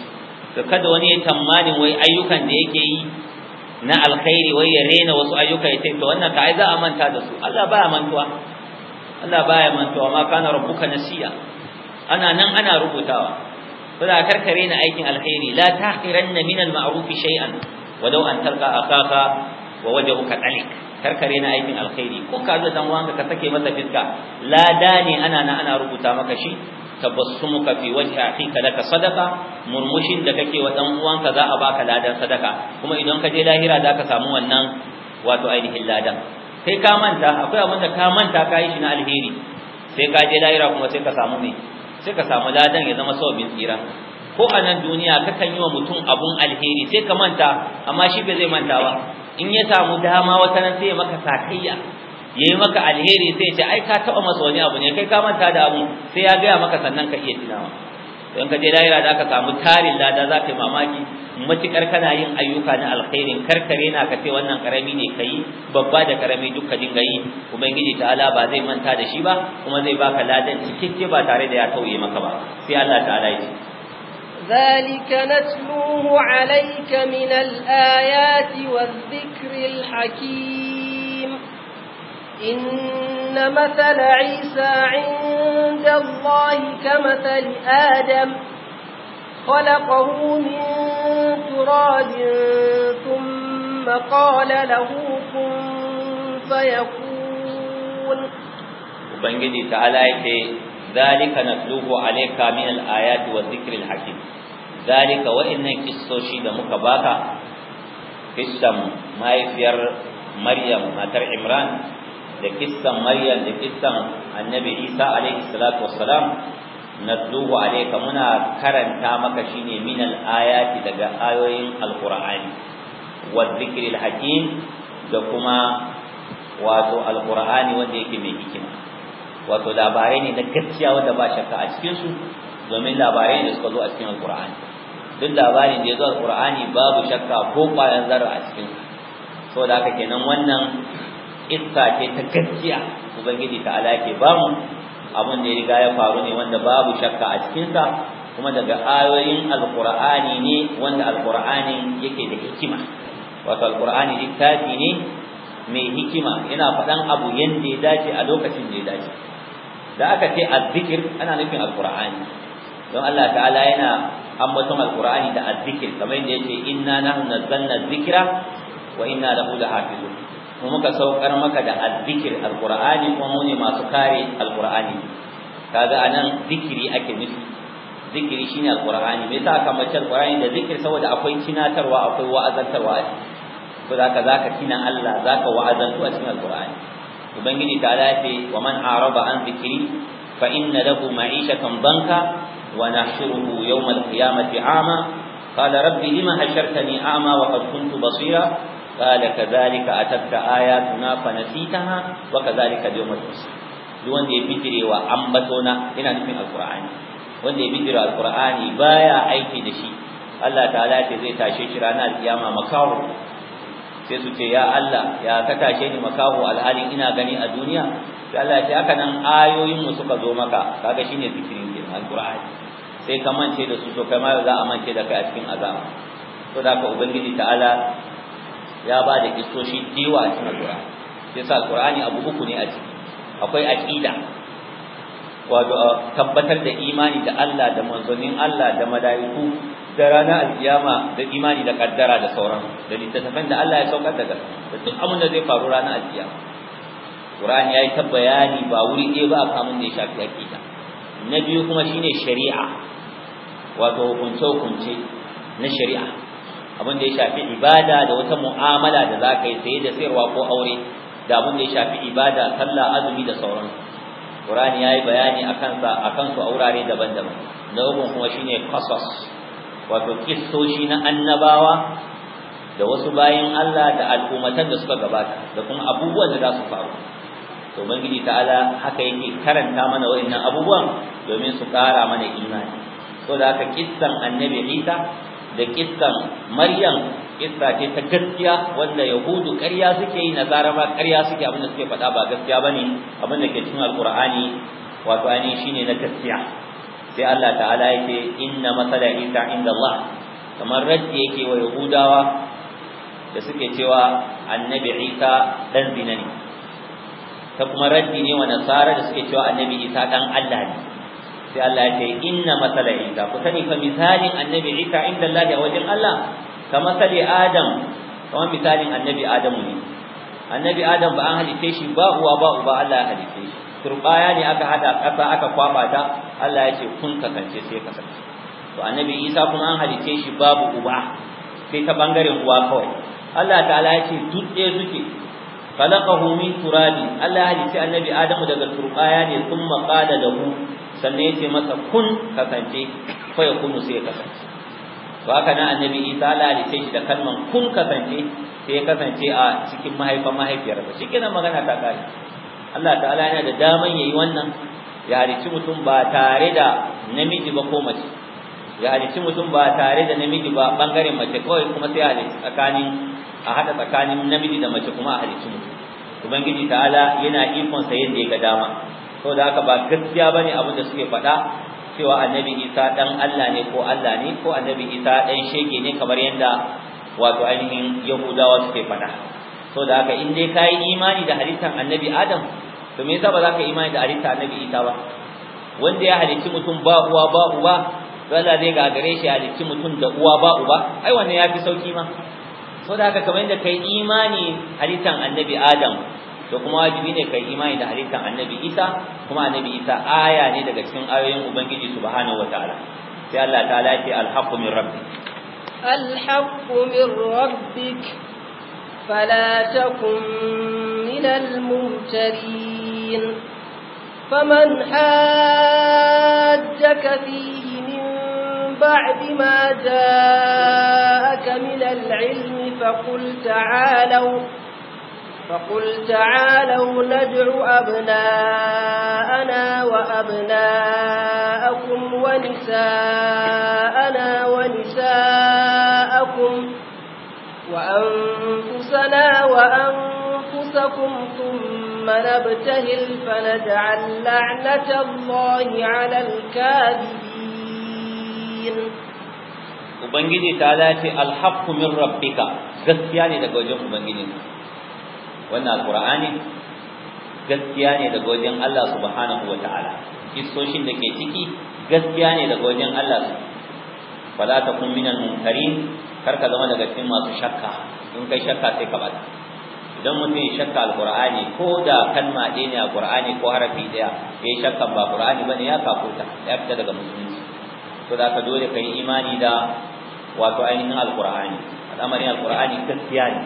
Ka kada wani ya tammanin wai ayyukan da yake yi na alkhairi wai ya rena wasu ayyuka ya ce to wannan kai za a manta da su Allah baya mantuwa Allah baya mantuwa ma kana rabbuka nasiya ana nan ana rubutawa saboda karkare na aikin alkhairi la tahqiranna min al-ma'ruf shay'an walau an talqa akaka wa wajhuka talik karkare na aikin alkhairi ko ka zo dan wanka ka sake masa fiska lada ne ana nan ana rubuta maka shi tabassumuka fi wajhi akhika laka sadaqa murmushin da kake wa dan uwanka za a baka ladan sadaka kuma idan ka je lahira za ka samu wannan wato ainihin ladan sai ka manta akwai abin da ka manta ka yi shi na alheri sai ka je lahira kuma sai ka samu me sai ka samu ladan ya zama sawabin tsira ko a nan duniya kan yi wa mutum abun alheri sai ka manta amma shi bai zai manta ba in ya samu dama wata nan sai ya maka sakayya yayi maka alheri sai ya ce ai ka taba masa wani abu ne kai ka manta da abu sai ya gaya maka sannan ka iya tunawa don ka je daira da ka samu tarin lada za ka yi mamaki matukar kana yin ayyuka na alkhairin karkare na ka ce wannan karami ne kai babba da karami duka dinga yi ubangiji ala ba zai manta da shi ba kuma zai baka ladan cikakke ba tare da ya tauye maka ba sai Allah ta'ala ya ce ذلك نتلوه عليك من الآيات والذكر الحكيم إن مثل عيسى عند الله كمثل آدم خلقه من تراب ثم قال له كن فيكون وبنجدي تعالى ذلك نتلوه عليك من الآيات والذكر الحكيم ذلك وإن كسوشي دمك باكا kissan mahaifiyar maryam matar imran da kissan maryam da kissan annabi isa alaihi salatu wassalam natluhu alayka muna karanta maka shine min al-ayati daga ayoyin al-qur'ani wa dhikril hakim da kuma wato al-qur'ani wanda yake mai hikima wato labarai ne na gaskiya wanda ba shakka a cikin su domin labarai ne da suka zo a cikin al-qur'ani duk labarin da ya zo al-qur'ani babu shakka ko kwayan zarra a cikin su saboda haka kenan wannan Iska ce ta gaskiya ubangiji ta ala ba bamu. abin da ya riga ya faru ne wanda babu shakka a cikinsa kuma daga ayoyin alqur'ani ne wanda alqur'ani yake da hikima wato alqur'ani littafi ne mai hikima yana faɗan abu yanda ya dace a lokacin da ya dace da aka ce azzikir ana nufin alkur'ani don Allah ta'ala yana ambaton alkur'ani da azzikir kamar yadda yake inna nahnu nazzalna dhikra wa inna lahu lahafizun mu muka saukar maka da azzikir alqur'ani kuma mu ne masu kare alqur'ani kaga anan zikiri ake nufi zikiri shine alqur'ani me yasa aka mace alqur'ani da zikir saboda akwai tinatarwa akwai wa'azantarwa a to zaka zaka tina Allah zaka wa'azantu a cikin alqur'ani ubangiji ta lafi wa man araba an zikiri fa inna lahu ma'ishatan banka wa nahshuruhu yawm alqiyamati ama qala rabbi lima hashartani ama wa qad kuntu basira قال كذلك أتتك آياتنا فنسيتها وكذلك اليوم تنسى duk wanda ya bijire wa ambatona yana nufin alqur'ani wanda ya bijire alqur'ani baya aiki da shi Allah ta'ala ce zai tashe shi ranar alkiyama makaho sai su ce ya Allah ya ka tashe ni makaho alhalin ina gani a duniya sai Allah ya ce haka nan ayoyin mu suka zo maka kaga shine zikirin din alqur'ani sai ka mance da su to kai ma za a mance da kai a cikin azaba to da ka ubangiji ta'ala ya ba da istoshi dewa a cikin Al-Qur'ani. sai sa alqur'ani abu uku ne a ciki akwai aqida wato tabbatar da imani da Allah da manzonin Allah da malaiku da ranar alkiyama da imani da kaddara da sauran da littattafan da Allah ya saukar daga da duk abin da zai faru ranar alkiyama Qur'ani yayi ta bayani ba wuri ɗaya ba a kamun da ya shafi aqida na biyu kuma shine shari'a wato hukunce hukunce na shari'a abin da ya shafi ibada da wata mu'amala da zaka yi sai da sayarwa ko aure da abin da ya shafi ibada sallah azumi da sauransu Qur'ani yi bayani akan sa akan su a wurare daban-daban na uku kuma shine qasas wato kissoshi na annabawa da wasu bayin Allah da al'ummatan da suka gabata da kuma abubuwan da za su faru to ubangiji ta'ala haka yake karanta mana wayannan abubuwan domin su kara mana imani so da haka kissan annabi Isa da kissan maryam kissa ce ta gaskiya wanda yahudu ƙarya suke yi nazara ma ƙarya suke abinda suke faɗa ba gaskiya ba ne abinda ke cikin alƙur'ani wato ainihin shine na gaskiya sai Allah ta'ala ya yake inna masala isa inda Allah kamar raddi yake wa yahudawa da suke cewa annabi isa dan zina ne ta kuma raddi ne wa nasara da suke cewa annabi isa dan Allah ne sai Allah ya ce inna masala Isa ku sani fa misali annabi Isa inda Allah a wajen Allah Ka masali Adam kamar misalin annabi Adam ne annabi Adam ba an halice shi ba uwa ba uba Allah ya halice shi turbaya ne aka hada kasa aka kwaba ta Allah ya ce kun kasance sai kasance to annabi Isa kuma an halice shi babu uba sai ta bangaren uwa kawai Allah ta'ala ya ce duk ɗaya suke خلقه من تراب الله هل سي النبي ادم daga turbaya ne kuma qala lahu sannan yace masa kun kasance fa ya kunu sai ya kasance to haka nan annabi Isa Allah ya shi da kalman kun kasance sai ya kasance a cikin mahaifan mahaifiyarsa kenan magana ta kare Allah ta'ala yana da daman yayi wannan ya halicci mutum ba tare da namiji ba ko mace ya halicci mutum ba tare da namiji ba bangaren mace kawai kuma sai a tsakanin a hada tsakanin namiji da mace kuma a halicci mutum ubangiji ta'ala yana ikon sa yadda ya ga dama da haka ba gaskiya bane abin da suke faɗa cewa annabi Isa dan Allah ne ko Allah ne ko annabi Isa dan shege ne kamar yadda wato ainihin Yahudawa suke faɗa da haka in dai kai imani da halittar annabi Adam to me yasa ba za ka imani da halittar annabi Isa ba wanda ya halicci mutum ba uwa ba uba to Allah zai gare shi halicci mutum da uwa ba uba ai wannan yafi sauki ma da haka kamar yadda kai imani halittar annabi Adam da kuma wajibi ne kai imani da hadisin annabi Isa kuma annabi Isa aya ne daga cikin ayoyin ubangiji subhanahu wataala sai Allah ta'ala ce alhaqqu min rabbik alhaqqu min rabbik fala takun min almumtarin faman hajjaka fihi بعد ما جاءك من العلم فقل تعالوا فقل تعالوا ندع أبناءنا وأبناءكم ونساءنا ونساءكم وأنفسنا وأنفسكم ثم نبتهل فنجعل لعنة الله على الكاذبين Ubangiji ta dace alhaqqu min rabbika gaskiya ne daga wajen Ubangijinka wannan alqur'ani gaskiya ne daga wajen Allah subhanahu wataala kissoshin da ke ciki gaskiya ne daga wajen Allah wala takun minal munkarin kar ka zama daga cikin masu shakka in kai shakka sai ka bada idan mutum ya shakka alqur'ani ko da kalma ɗaya ne a qur'ani ko harafi ɗaya ya shakka ba qur'ani bane ya kafuta ya fita daga musulunci to da ka dole kai imani da wato ainihin alqur'ani al'amarin alqur'ani gaskiya ne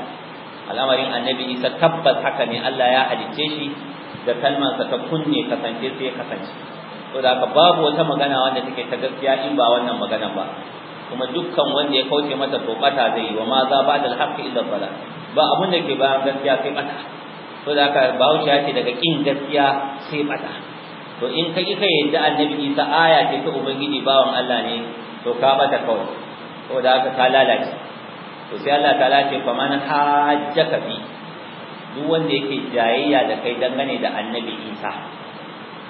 al'amarin annabi isa tabbas haka ne Allah ya halicce shi da kalmansa ta kunne kasance sai kasance to da haka babu wata magana wanda take ta gaskiya in ba wannan magana ba kuma dukkan wanda ya kauce mata to bata zai wa ma za ba da alhaqi illa bala ba abun da ke bayan gaskiya sai bata to da haka bawo ya ce daga kin gaskiya sai bata to in ka kika yadda annabi isa aya ce ta ubangiji bawan Allah ne to ka bata kawai saboda haka ka lalace to sai Allah ta'ala ce faman hajjaka fi duk wanda yake jayayya da kai dangane da annabi Isa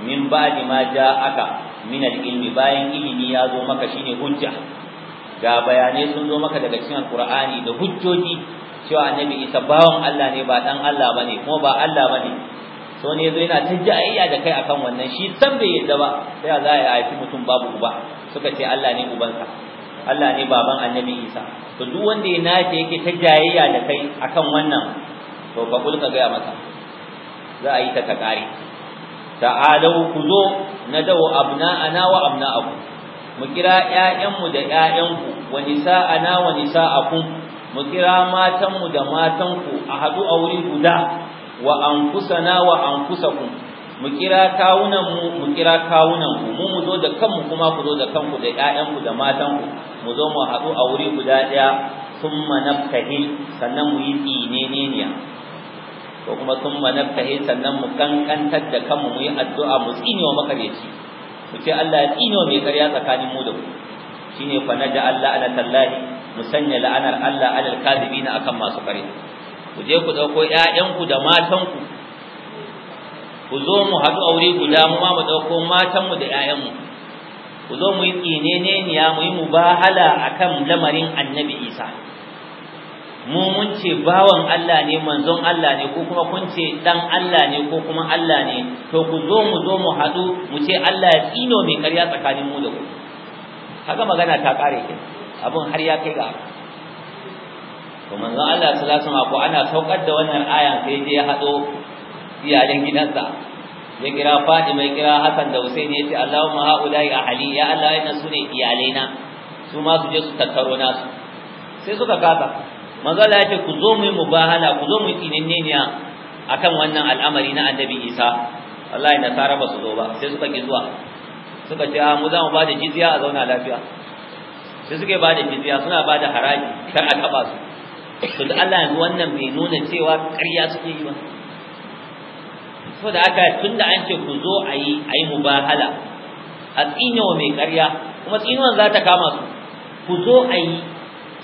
min ba'di ma ja'aka min al-ilmi bayan ilimi ya zo maka shine hujja ga bayanai sun zo maka daga cikin alqur'ani da hujjoji cewa annabi Isa bawan Allah ne ba dan Allah bane kuma ba Allah bane to ne zo yana ta jayayya da kai akan wannan shi san bai yadda ba sai za a haifi mutum babu uba suka ce Allah ne ubansa Allah ne baban annabi Isa to duk wanda ya nace yake ta jayayya da kai akan wannan to ba kul ka gaya masa za a yi ta takare ta'alu ku zo na da dawo abna'ana wa abna'aku mu kira ƴaƴanmu da ƴaƴanku wa nisa'ana wa nisa'akum mu kira matanmu da matanku a hadu a wuri guda wa anfusana wa anfusakum mu kira kawunan mu mu kira kawunan ku mu mu zo da kanmu kuma ku zo da kanku da ƴaƴanku da matanku mu zo mu haɗu a wuri guda ɗaya thumma naftahi sannan mu yi tsineneniya ko kuma thumma naftahi sannan mu kankantar da kanmu mu yi addu'a mu tsinewa makaryaci mu ce Allah ya tsine wa mai ƙarya tsakanin mu da ku shine fa naja Allah ala tallahi mu sanya la'anar Allah ala alkazibina akan masu ƙarya ku je ku ɗauko ƴaƴanku da matanku ku zo mu haɗu aure guda mu ma mu ɗauko matanmu da 'ya'yanmu ku zo mu yi ya mu yi mu hala akan lamarin annabi isa mu mun ce bawan Allah ne manzon Allah ne ko kuma kun ce dan Allah ne ko kuma Allah ne to ku zo mu zo mu haɗu mu ce Allah ya tsino mai karya tsakanin mu da ku Haka magana ta kare ke abun har ya kai ga to manzon Allah sallallahu alaihi wasallam ko ana saukar da wannan ayan sai dai ya haɗo iyalan gidansa ya kira Fadima ya kira Hassan da Hussein ya ce Allahumma haulai Ali. ya Allah yana su ne iyalaina su ma su je su tattaro nasu sai suka kasa manzo ya ce ku zo mu yi mubahala ku zo mu yi tsinenneniya akan wannan al'amari na annabi Isa wallahi nasara ba su zo ba sai suka ki zuwa suka ce a mu za mu ba da jizya a zauna lafiya sai suka ba da jizya suna ba da haraji kar a taba su to da Allah yanzu wannan bai nuna cewa ƙarya suke yi ba Tun da aka tunda an ce ku zo a yi mubahala a tsinewa mai ƙarya kuma tsinuwan za ta kama su ku zo ayi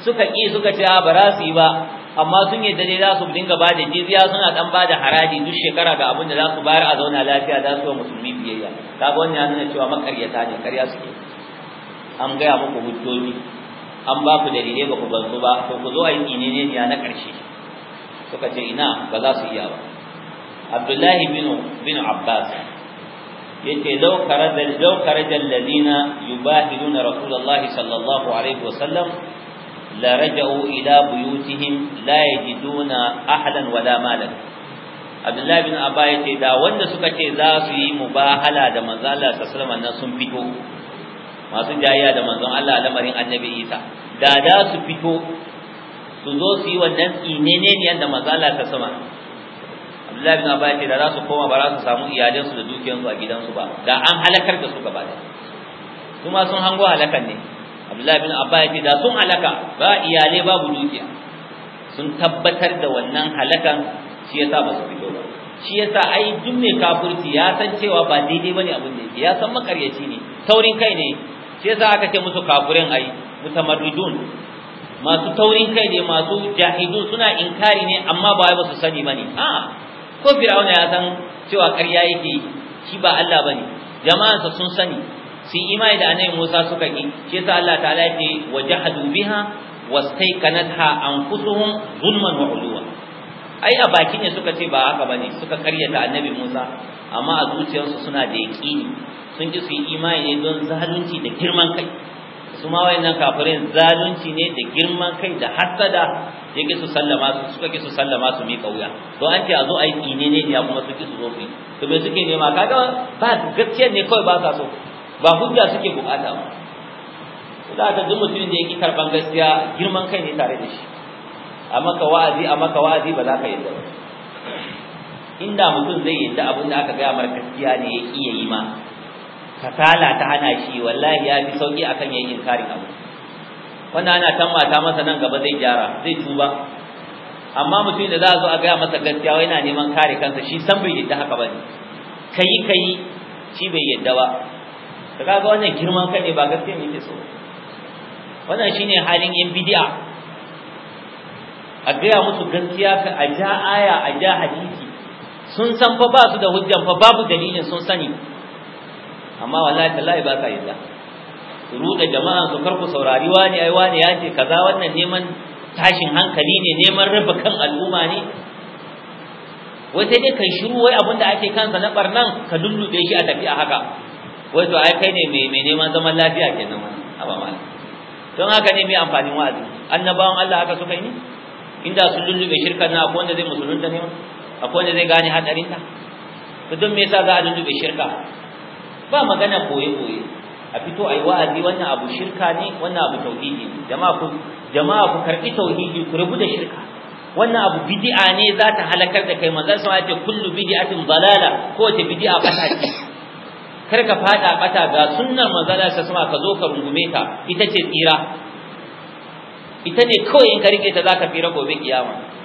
suka ƙi suka ce a ba su yi ba amma sun yadda dai za su dinga ba da jizya suna dan ba da haraji duk shekara ga abin da za su bayar a zauna lafiya za su wa musulmi biyayya kaga wannan ya nuna cewa makaryata ne ƙarya suke an gaya muku hujjoji an ba ku dalilai ba ku bantu ba to ku zo a yi ne na ƙarshe suka ce ina ba za su iya ba abdullahi bin abbas yace law karada law karada alladhina yubahiluna rasulullahi sallallahu alaihi wasallam la raja'u ila buyutihim la yace da wanda suka ce za su yi mubahala da manzon Allah sallallahu alaihi wasallam sun fito masu jayya da manzon Allah lamarin annabi Isa da da su fito su zo su yi wannan inene ne yanda manzon Allah ta sama Abdullahi bin Abba ce da za su koma ba za su samu iyalansu da dukiyansu a gidansu ba da an halakar da su gaba da su ma sun hango halakan ne Abdullahi bin Abba ce da sun halaka ba iyalai babu dukiya sun tabbatar da wannan halakan shi yasa ba su fito ba shi yasa ai duk mai kafirci ya san cewa ba daidai bane abin da yake ya san makaryaci ne taurin kai ne shi yasa aka ce musu kafirin ai mutamarridun masu taurin kai ne masu jahidun suna inkari ne amma ba wai ba su sani bane a'a ko fir'auna ya san cewa ƙarya yake shi ba Allah bane jama'ansa sun sani su imani da annabi Musa suka yi shi yasa Allah ta'ala yake wajahadu biha wastaykanatha anfusuhum zulman wa uluwa ai a bakin ne suka ce ba haka bane suka karyata annabi Musa amma a zuciyarsu suna da yaqini sun ji su yi imani ne don zalunci da girman kai su ma wayannan kafirin zalunci ne da girman kai da hasada yake su sallama su suka ke su sallama su mika wuya to an ce a zo a yi tsine ne ya kuma suke su zo su to me suke nema kaga ba gaskiya ne kawai ba sa so ba hujja suke bukata ba da aka duk mutumin da yake karban gaskiya girman kai ne tare da shi a maka wa'azi a maka wa'azi ba za ka yarda ba inda mutum zai yarda abin da aka gaya mar gaskiya ne ya iya yi ma kasala ta hana shi wallahi ya fi sauki akan yayin inkarin abu wanda ana mata masa nan gaba zai gyara zai tuba amma mutum da za a zo a gaya masa gaskiya wai yana neman kare kansa shi san bai yadda haka bane kai kai shi bai yadda ba Da kaga wannan girman kai ne ba gaskiya ne yake so wannan shine halin yan bid'a a gaya musu gaskiya ka a ja aya a ja hadisi sun san fa ba su da hujjan fa babu dalilin sun sani amma wallahi tallahi ba ka yadda su ruɗe jama'a su karku saurari wani ai wani ya ce kaza wannan neman tashin hankali ne neman raba kan al'umma ne wai sai dai kai shiru wai abinda ake kansa na barnan ka dullube shi a tafi a haka wai to ai kai ne mai neman zaman lafiya kenan a ba mana don haka ne mai amfanin wa'azi annabawan Allah haka suka yi inda sun lullube shirka na akwai wanda zai musulunta ne akwai wanda zai gane hadarin ta to don me yasa za a lullube shirka ba magana boye-boye a fito a wa'azi wannan abu shirka ne wannan abu tauhidi ne jama'a ku karɓi tauhidi ku rabu da shirka wannan abu bid'a ne za ta halakar da kai mazan sama ce kullu bid'atin balala, ko ta bid'a bata ce kar ka fada bata ga sunnar mazanarsa sama ka zo ka rungume ta ita ce tsira ita ne kawai in ka rike ta zaka fira gobe kiyama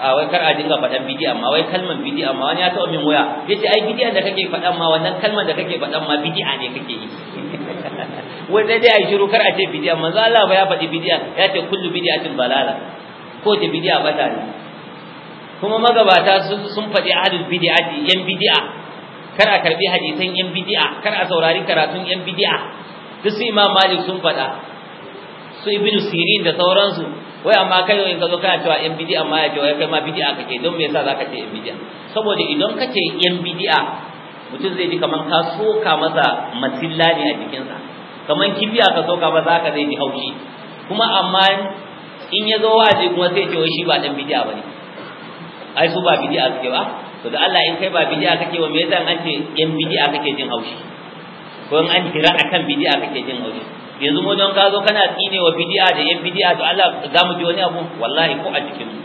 a wai kar a dinga faɗan bidiya amma wai kalman bidiya amma wani ya taɓa min waya yace ai bidiya da kake faɗan ma wannan kalman da kake faɗan ma bidiya ne kake yi wai dai dai ai shiru kar a ce bidiya manzo Allah ba ya faɗi bidiya ya ce kullu bidiyatin balala ko ta bidiya bata ne kuma magabata sun faɗi ahadul bidiyati yan bidiya kar a karbi hadisan yan bidiya kar a saurari karatun yan bidiya duk su imam malik sun faɗa su ibnu sirin da sauransu wai amma kai in ka zo kana cewa yan bid'a amma ya ce wai kai ma bid'a kake don me yasa zaka ce yan bid'a saboda idan ka ce yan bid'a mutum zai ji kaman ka soka masa masillani ne a jikinsa kaman kibiya ka soka ba za ka zai ji haushi kuma amma in ya zo waje kuma sai ce wai shi ba dan bid'a bane ai su ba bid'a suke ba to da Allah in kai ba bid'a kake wa me yasa an ce yan bid'a kake jin haushi ko in an kira akan bid'a kake jin haushi yanzu mu don ka zo kana tsine wa bid'a da yan bid'a to Allah za mu ji wani abu wallahi ko a cikin mu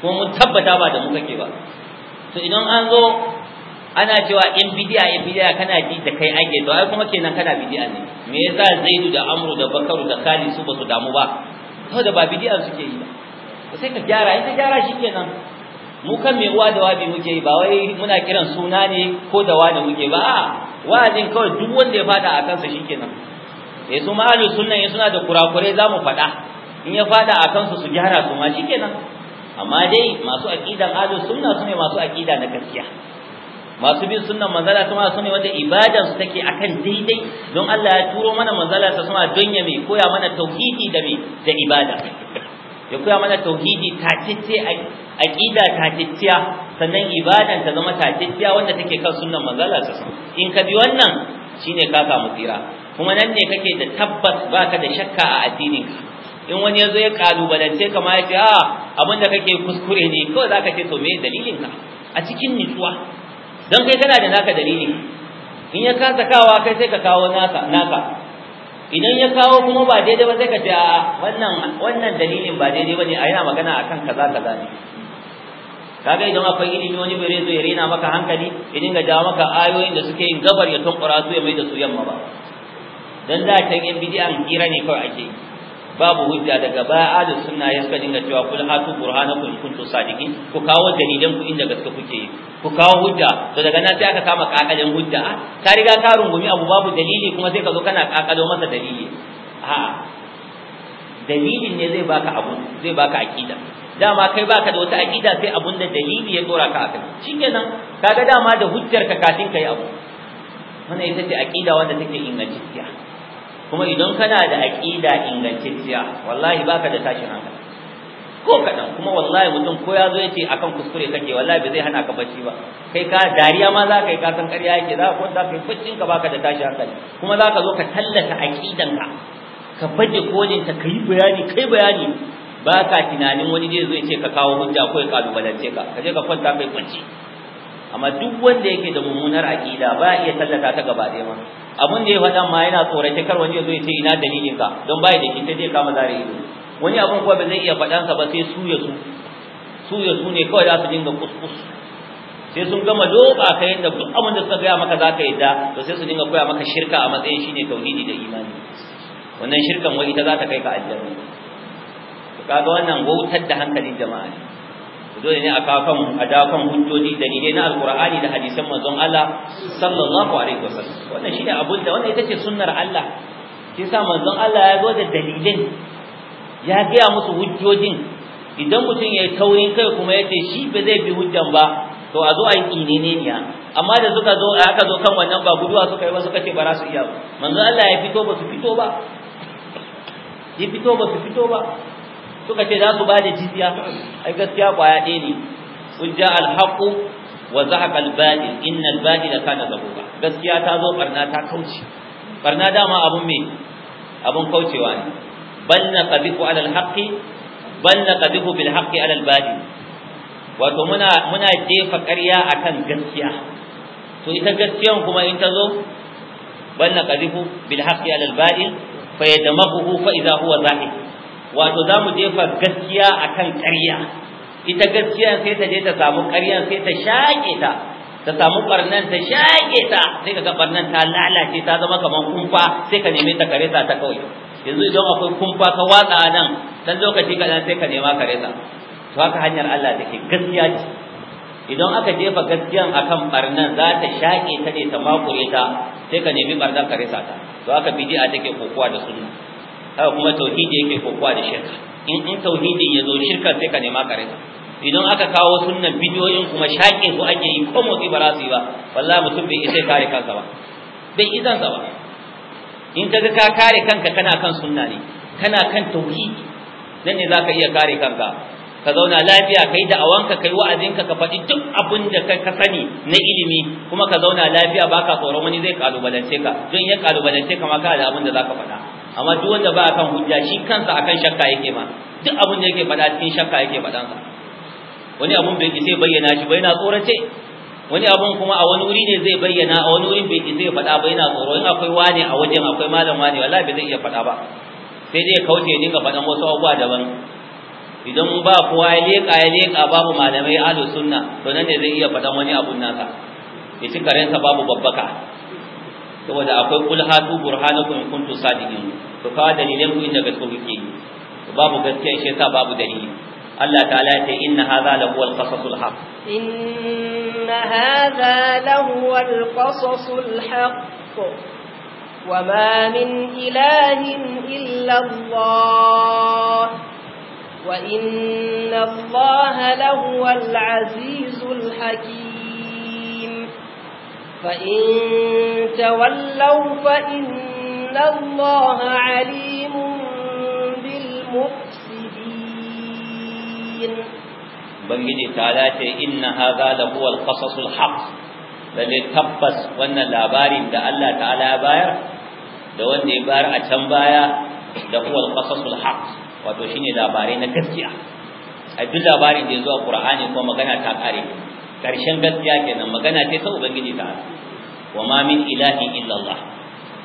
ko mun tabbata ba da mu kake ba to idan an zo ana cewa yan bid'a yan bid'a kana ji da kai ake to ai kuma kenan kana bid'a ne me yasa Zaidu da Amru da Bakaru da Khalid su ba su damu ba da ba bid'a suke yi ba sai ka gyara in ka gyara shikenan mu kan me uwa da wabi muke ba wai muna kiran suna ne ko da wani muke ba a wa'azin kawai duk wanda ya fada a kansa shikenan eh su ma ahli sunna in suna da kurakurai zamu faɗa in ya faɗa a kansu su gyara su ma shikenan amma dai masu aqidan ahli sunna sune masu aqida na gaskiya masu bin sunnan manzala ta ma sune wanda ibadar su take akan daidai don Allah ya turo mana manzala ta sama don ya mai koya mana tauhidi da da ibada ya koya mana tauhidi tatacce aqida tatacciya sannan ibadan ta zama ta tatacciya wanda take kan sunnan manzala ta sama in ka bi wannan shine ka samu tsira kuma nan ne kake da tabbas baka da shakka a addininka in wani yazo ya kalubalance ka kama ya ce a ah, abin da kake kuskure ne kawai zaka ce to me dalilin ka a cikin nutsuwa dan kai kana da naka dalili in ya kasa kawa kai sai ka kawo naka naka idan ya kawo kuma ba daidai ba sai ka ce a wannan wannan dalilin ba daidai bane a yana magana akan kaza kaza ne kaga idan akwai ilimi wani bai zo ya rena maka hankali ya dinga jawo maka ayoyin da suke yin gabar ya tunkura su ya mai da su yamma ba dan da can yan bid'an kira ne kawai ake babu hujja daga baya da sunna ya suka dinga cewa kul hatu qur'anakum in kuntum sadiqin ku kawo dalilan ku inda gaske kuke yi ku kawo hujja to daga nan sai aka kama kakalin hujja ah, ka riga ka rungumi abu babu dalili kuma sai ka zo kana kakalo masa dalili A'a. dalilin ne zai baka abu zai baka aqida dama kai baka da wata aqida sai abun da dalili ya dora ka akai shikenan kaga dama da hujjar ka kafin kai abu wannan ita ce aqida wanda take ingantacciya kuma idan kana da aqida ingantacciya wallahi baka da tashin hankali ko kadan kuma wallahi mutum ko ya zo yace akan kuskure kake wallahi bai zai hana ka bacci ba kai ka dariya ma za ka yi kasan ƙarya yake za ka kwanta kai baccin ka baka da tashin hankali kuma za ka zo ka tallata aqidanka ka baje kolin ta kai bayani kai bayani ba ka tunanin wani zai zo ce ka kawo hujja ko ya kalubalance ka ka je ka kwanta kai kwanci amma duk wanda yake da mummunar aqida ba iya tallata ta gaba da ma abun da ya faɗa ma yana tsorace kar wani zo ya ce ina dalilin ka don bai da kinta zai kama zare ido wani abun kuwa ba zai iya faɗan sa ba sai su ya su su ya su ne kawai za su dinga kuskus sai sun gama doka kai yadda duk abin da suka gaya maka za ka yadda to sai su dinga koya maka shirka a matsayin shine tauhidi da imani wannan shirka wai ita za ta kai ka aljanna kaga wannan wautar da hankalin jama'a ne dole ne a kafan a dafan hujjoji dalilai na alqur'ani da hadisan manzon Allah sallallahu alaihi wasallam wannan shine abun da wannan ita ce sunnar Allah sa manzon Allah ya zo da dalilin ya gaya musu hujjojin idan mutum yayi taurin kai kuma yace shi ba zai bi hujjan ba to a zo a yi kineniya amma da suka zo aka zo kan wannan ba guduwa suka yi ba suka ce ba za su iya ba. manzo Allah ya fito ba su fito ba yi fito ba su fito ba suka ce za su ba da jizya A gaskiya kwaya ɗaya ne kun ja alhaqu wa zahaqa albatil inna albatila kana ba. gaskiya ta zo barna ta kauce barna dama abun me abun kaucewa ne Ban bal naqdihu ala alhaqi bal naqdihu bil haqqi ala albatil wato muna muna jefa ƙarya akan gaskiya to ita gaskiyan kuma in ta zo bal naqdihu bil haqqi ala albatil fa yadmahu fa idza huwa zahid wato zamu jefa gaskiya akan ƙarya ita gaskiya sai ta je ta samu ƙaryan sai ta shaƙe ta ta samu barnan ta shaƙe ta sai kaga barnan ta lalace ta zama kamar kumfa sai ka neme ta kare ta ta kawai yanzu idan akwai kumfa ka watsa nan dan lokaci kaɗan sai ka nema kare ta to haka hanyar Allah take gaskiya ce idan aka jefa gaskiyan akan barnan za ta shaƙe ta ne ta makure ta sai ka nemi barnan ka risa ta to haka bid'a take kokowa da sunna haka kuma tauhidi yake kokowa da shirka in in tauhidin ya zo shirka sai ka nema ka risa idan aka kawo sunna bidiyoyin kuma shaƙe su ake yi ko motsi ba za su yi ba wallahi mutum bai isa kare kansa ba bai izan sa ba in kaga ka kare kanka kana kan sunna ne kana kan tauhidi nan ne zaka iya kare kanka ka zauna lafiya kai da'awanka kai wa'azinka ka faɗi duk abin da ka sani na ilimi kuma ka zauna lafiya baka tsoron wani zai kalubalance ka don ya kalubalance ka ma ka da abin da zaka faɗa amma duk wanda ba kan hujja shi kansa akan shakka yake ma duk abin da yake faɗa cikin shakka yake faɗan sa wani abun bai sai bayyana shi bai na tsorace wani abun kuma a wani wuri ne zai bayyana a wani wurin bai zai faɗa bai na tsoro in akwai wane a wajen akwai malam wane wallahi bai zai iya faɗa ba sai dai kauce ya dinga faɗan wasu abubuwa daban idan ba kowa ya leƙa ya leƙa babu malamai ahlus sunna to nan ne zai iya faɗan wani abun nasa ya ci karensa babu babbaka saboda akwai kul hatu burhanakum in kuntum sadiqin to kawa dalilan ku inda gaskiya kuke babu gaskiya shi yasa babu dalili Allah ta'ala ya ce inna hadha la huwa al-qasasul haq inna hadha la huwa al-qasasul haq وما من إله إلا الله وإن الله لهو العزيز الحكيم فإن تولوا فإن الله عليم بالمفسدين بنجي تعالى إن هذا لهو القصص الحق lalle tabbas wannan labarin da Allah ta'ala bayar da wanda ya bayar a can baya da huwal qasasul haqq wato shine labarai na gaskiya a labarin da ya zo a Qur'ani ko magana ta kare karshen gaskiya kenan magana ce ta ubangiji ta wa ma min ilahi illa Allah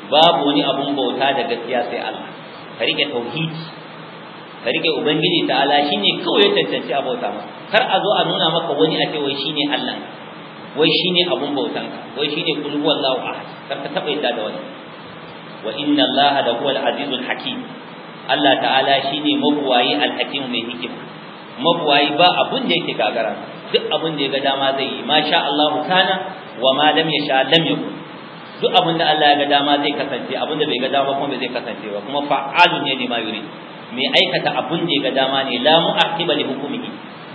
babu wani abun bauta da gaskiya sai Allah ka rike tauhidi ka rike ubangiji ta Allah shine kawai ya tantance abota bauta kar a zo a nuna maka wani a ce wai shine Allah wai shine abun bautan ka wai shine kul huwallahu ahad kar ka taba yadda da wani wa inna Allah da huwal azizul hakim Allah ta'ala shi ne mabuwayi alhakim mai hikima mabuwayi ba abun da yake gagara duk abin da ya ga dama zai yi masha Allah kana wa ma lam yasha lam yakun duk abin da Allah ya ga dama zai kasance abin da bai ga dama kuma zai kasance ba kuma fa'alun ne ma yuri mai aikata abin da ya ga dama ne la mu'aqiba li hukmihi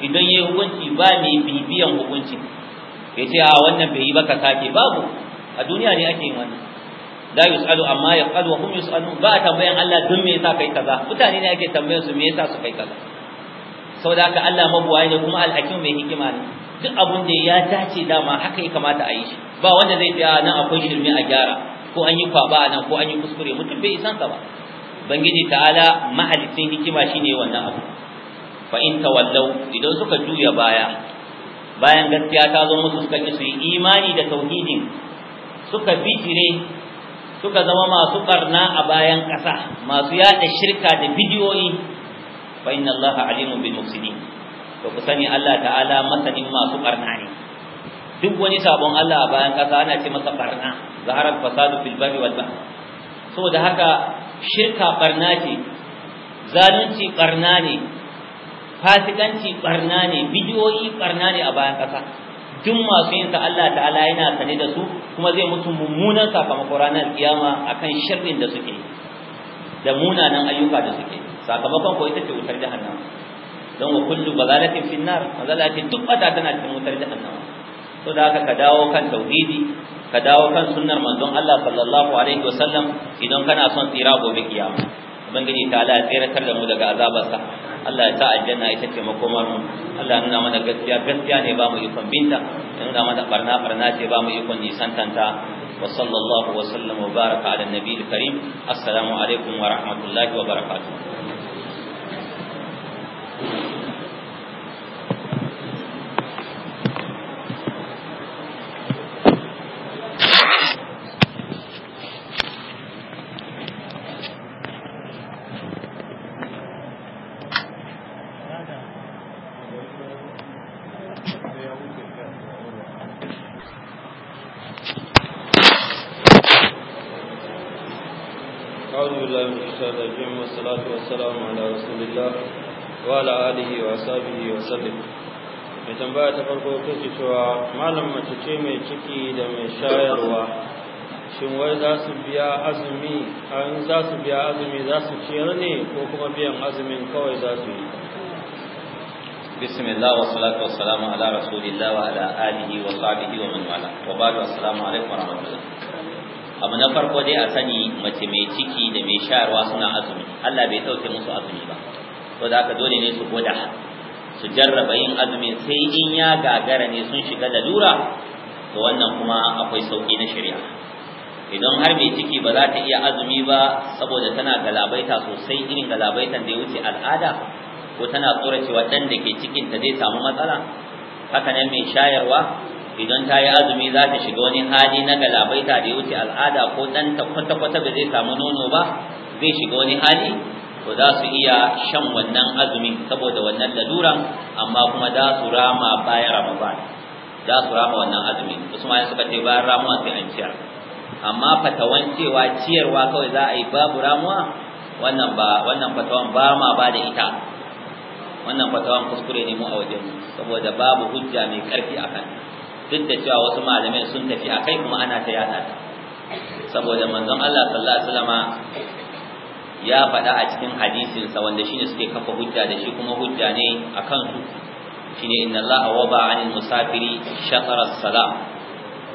idan yayi hukunci ba mai bibiyan hukuncin yace a wannan bai yi ba ka sake babu a duniya ne ake yin wannan la yusalu amma yaqalu wa hum yusalun ba a tambayan Allah don me yasa kai kaza mutane ne ake tambayan su me yasa su kai kaza saboda haka Allah mabuwa ne kuma alhakim mai hikima ne duk abun da ya dace dama haka ya kamata a yi shi ba wanda zai tsaya nan akwai shirme a gyara ko an yi kwaba a nan ko an yi kuskure mutum bai san ka ba bangiji ta'ala mahalicin hikima shine wannan abu fa in tawallau idan suka juya baya bayan gaskiya ta zo musu suka ki su yi imani da tauhidin suka bijire suka zama masu barna a bayan ƙasa masu yada shirka da bidiyoyi fa inna allaha alimun bil mufsidin to ku sani Allah ta'ala masanin masu barna ne duk wani sabon Allah a bayan ƙasa ana ce masa barna zaharar fasadu fil bari wal bahr saboda haka shirka barna ce zalunci barna ne fasikanci barna ne bidiyoyi barna ne a bayan ƙasa duk masu yin Allah ta'ala yana sane da su kuma zai mutu mummunan sakamako ranar kiyama akan shirin da suke da munanan ayyuka da suke sakamakon ko ita ce wutar jahannama don wa kullu balalatin fi nar mazalati duk bata tana cikin wutar jahannama to da haka ka dawo kan tauhidi ka dawo kan sunnar manzon Allah sallallahu alaihi wasallam idan kana son tsira gobe kiyama ubangiji ta Allah ya tsiratar da mu daga azabarsa Allah ya sa aljanna ita ce makomar mu Allah nuna mana gaskiya gaskiya ne ba mu ikon binta ya nuna mana barna barna ce ba mu ikon nisan tanta wa sallallahu wa sallam wa baraka ala nabiyil karim assalamu alaikum wa rahmatullahi wa barakatuh wala alihi wa sahbihi wa sallim mai tambaya ta farko ta ce cewa malam mace ce mai ciki da mai shayarwa shin wai za su biya azumi an za su biya azumi za su ciyar ne ko kuma biyan azumin kawai za su yi bismillah wa salatu wa salamu ala rasulillah wa ala alihi wa sahbihi wa man wala wa ba'du assalamu abu na farko dai a sani mace mai ciki da mai shayarwa suna azumi Allah bai ɗauke musu azumi ba to da haka dole ne su goda su jarraba yin azumi sai in ya gagara ne sun shiga da dura? to wannan kuma akwai sauki na shari'a idan har mai ciki ba za ta iya azumi ba saboda tana galabaita sosai irin galabaitan da ya wuce al'ada ko tana tsoracewa cewa dan da ke cikin ta zai samu matsala haka nan mai shayarwa idan ta yi azumi za ta shiga wani hali na galabaita da ya wuce al'ada ko dan ta kwata-kwata ba zai samu nono ba zai shiga wani hali to za su iya shan wannan azumin saboda wannan laluran amma kuma za su rama bayan ramadan za su rama wannan azumin wasu ma suka ce bayan ramuwa sai an ciyar amma fatawan cewa ciyarwa kawai za a yi babu ramuwa wannan ba wannan fatawan ba ma ba da ita wannan fatawan kuskure ne mu a wajen saboda babu hujja mai karfi akan duk da cewa wasu malamai sun tafi akai kuma ana ta yada ta saboda manzon Allah sallallahu alaihi wasallama ya faɗa a cikin hadisinsa wanda shine suke kafa hujja da shi kuma hujja ne a kansu shine inna allaha waba anil musafiri shatara salam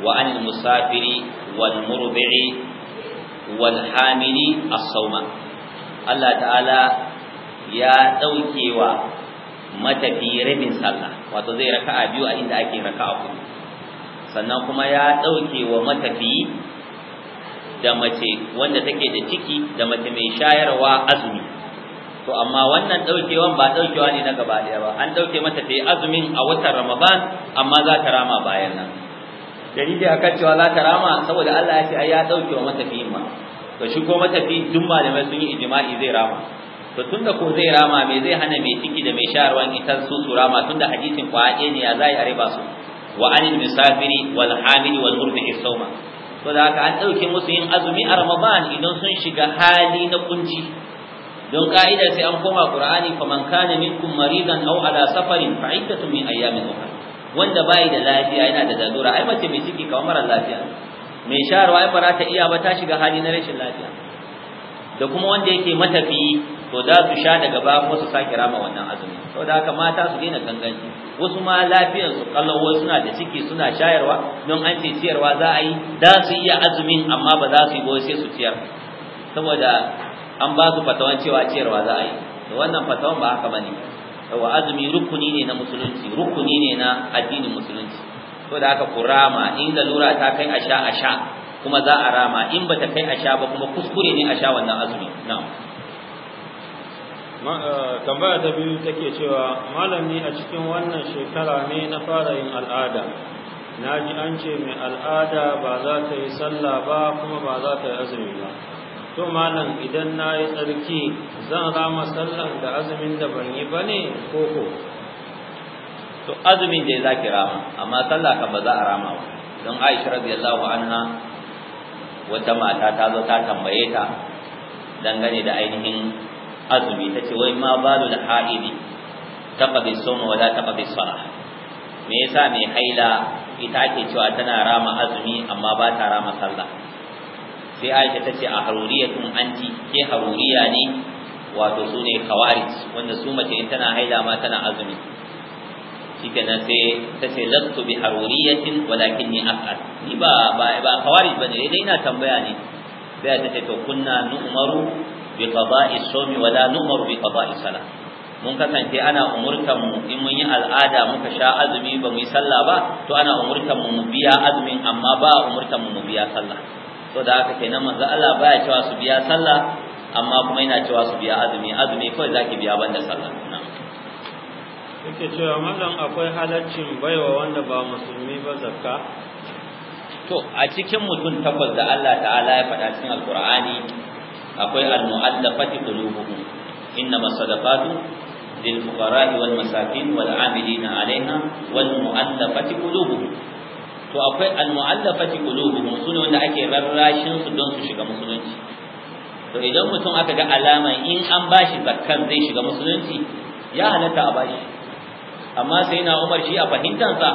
wa anil musafiri wal murbi'i wal hamili as-sawma Allah ta'ala ya daukewa matafi rabin sallah wato zai raka'a biyu a inda ake raka'a hudu sannan kuma ya dauke wa matafi da mace wanda take da ciki da mace mai shayarwa azumi to amma wannan daukewan ba daukewa ne na gaba daya ba an dauke mata ta yi azumin a watan ramadan amma za ta rama bayan nan dalili akan cewa za ta rama saboda Allah ya ce ai ya dauke wa matafiyin ma to shi ko matafi duk malamai sun yi ijma'i zai rama to tunda ko zai rama me zai hana mai ciki da mai shayarwa ita su su rama tunda hadisin kwaɗe ne ya zai a riba su wa anil misafiri wal hamili wal murdi sawma so da an dauke musu yin azumi a ramadan idan sun shiga hali na kunci don ka'ida sai an koma qur'ani fa man kana minkum maridan aw ala safarin fa iddatu min ayyamin ukhra wanda bai da lafiya yana da dadura ai mace mai ciki kamar mara lafiya mai sharwa ai ba ta iya ba ta shiga hali na rashin lafiya da kuma wanda yake matafi to da su sha daga ba ko su sake rama wannan azumi saboda haka mata su daina ganganci wasu ma lafiyar su kallon suna da ciki suna shayarwa don an ce ciyarwa za a yi da su iya azumin amma ba za su yi sai su ciyar saboda an ba su fatawan cewa ciyarwa za a yi to wannan fatawan ba haka bane yawa azumi rukuni ne na musulunci rukuni ne na addinin musulunci saboda haka kurama in lura ta kai a sha kuma za a rama in bata kai a sha ba kuma kuskure ne a sha wannan azumi na'am eh, tambaya ta biyu take cewa malami a cikin wannan shekara ne na fara yin al'ada na ji an ce mai al'ada ba za ta yi sallah ba kuma ba za ta yi azumi ba to malam idan na yi tsarki zan rama sallan da azumin da ban yi ba ne ko to azumin da ya za ki rama amma sallah ka ba za a rama ba don aisha radiyallahu anha wata mata ta zo ta tambaye ta dangane da ainihin azumi ta ce wai ma balu da ha'idi taqdi sawma wala taqdi sara me yasa mai haila ita ake cewa tana rama azumi amma ba ta rama sallah sai Aisha tace a haruriyatun anti ke haruriya ne wato sune kawaris wanda su mace tana haila ma tana azumi shikenan sai ce lastu bi haruriyatin walakinni af'al ni ba ba ba ne bane eh, dai ina tambaya ne sai ce to kunna nu'maru bi qada'i sawmi wala nu'maru bi qada'i salat mun kasance ana umurtan mu in mun yi al'ada muka sha azumi ba mu yi sallah ba to ana umurtan mu mu biya azumin amma ba umurtan mu mu biya sallah to da haka kenan manzo Allah baya cewa su biya sallah amma kuma yana cewa su biya azumi azumi kawai zaki biya banda sallah yake cewa mallan akwai halaccin baiwa wanda ba musulmi ba zakka to a cikin mutum takwas da Allah ta'ala ya faɗa cikin alqur'ani akwai almu'allafati qulubuhum innama sadaqatu wal والمساكين alaiha wal mu'allafati قلوبهم to akwai almu'allafati qulubuhum sunan wanda ake rarrashin su don su shiga musulunci to idan mutum aka ga alama in an bashi zakkan zai shiga musulunci ya halatta a bashi amma sai na umar shi a fahimtansa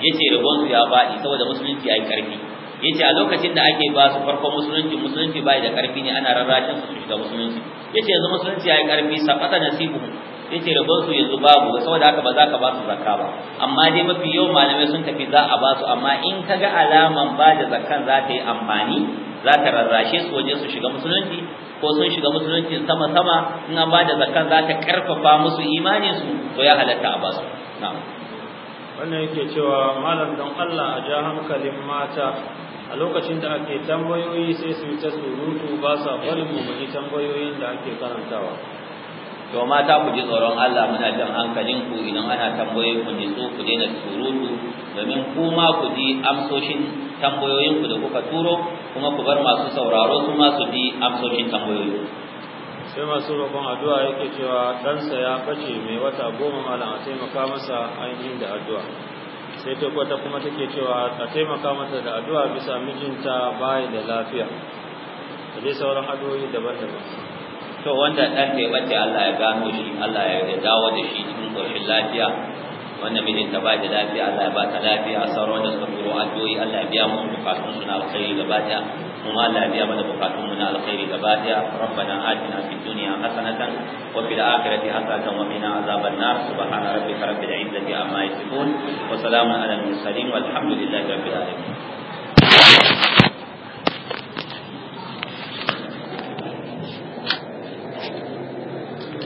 ya ce rabonsu ya faɗi saboda musulunci ya yi ƙarfi ya ce a lokacin da ake ba su farkon musulunci musulunci bai da ƙarfi ne ana rarrashin su shiga musulunci ya ce yanzu musulunci ya yi ƙarfi saɓata nasibu ya ce rabonsu yanzu babu saboda haka ba za ka ba su zakka ba amma dai mafi yau malamai sun tafi za a ba su amma in ka ga alaman ba da zakkan za ta yi amfani za ta rarrashe su waje su shiga musulunci ko sun shiga musulunci sama sama in an bada zakka za ta karfafa musu imanin su to ya halatta a basu na'am wannan yake cewa malam don Allah a ja hankalin mata a lokacin da ake tambayoyi sai su ta surutu ba sa bari mu tambayoyin da ake karantawa to mata ku ji tsoron Allah muna jan hankalin ku idan ana tambaye ku ji so ku daina surutu domin kuma ku ji amsoshin ku da kuka turo kuma ku bar masu sauraro su ma su bi amsoshin tambayoyi sai masu roƙon addu'a yake cewa ɗansa ya bace mai wata goma malam a taimaka masa ainihin da addu'a sai ta kwata kuma take cewa a taimaka masa da addu'a bisa mijinta bayi da lafiya da sauran addu'o'i daban-daban to wanda ɗan da ya bace Allah ya gano shi Allah ya dawo da shi cikin ƙoshin lafiya wannan mijin da ba da lafiya Allah ya ba ta lafiya sauran wanda suka turo addu'o'i Allah ya biya mu bukatun su na alkhairi gaba daya kuma Allah ya biya mana bukatun mu na alkhairi gaba daya rabbana atina fid dunya hasanatan wa fil akhirati hasanatan wa qina azaban nar subhana rabbika rabbil izzati amma yasifun wa salamun alal mursalin walhamdulillahi rabbil alamin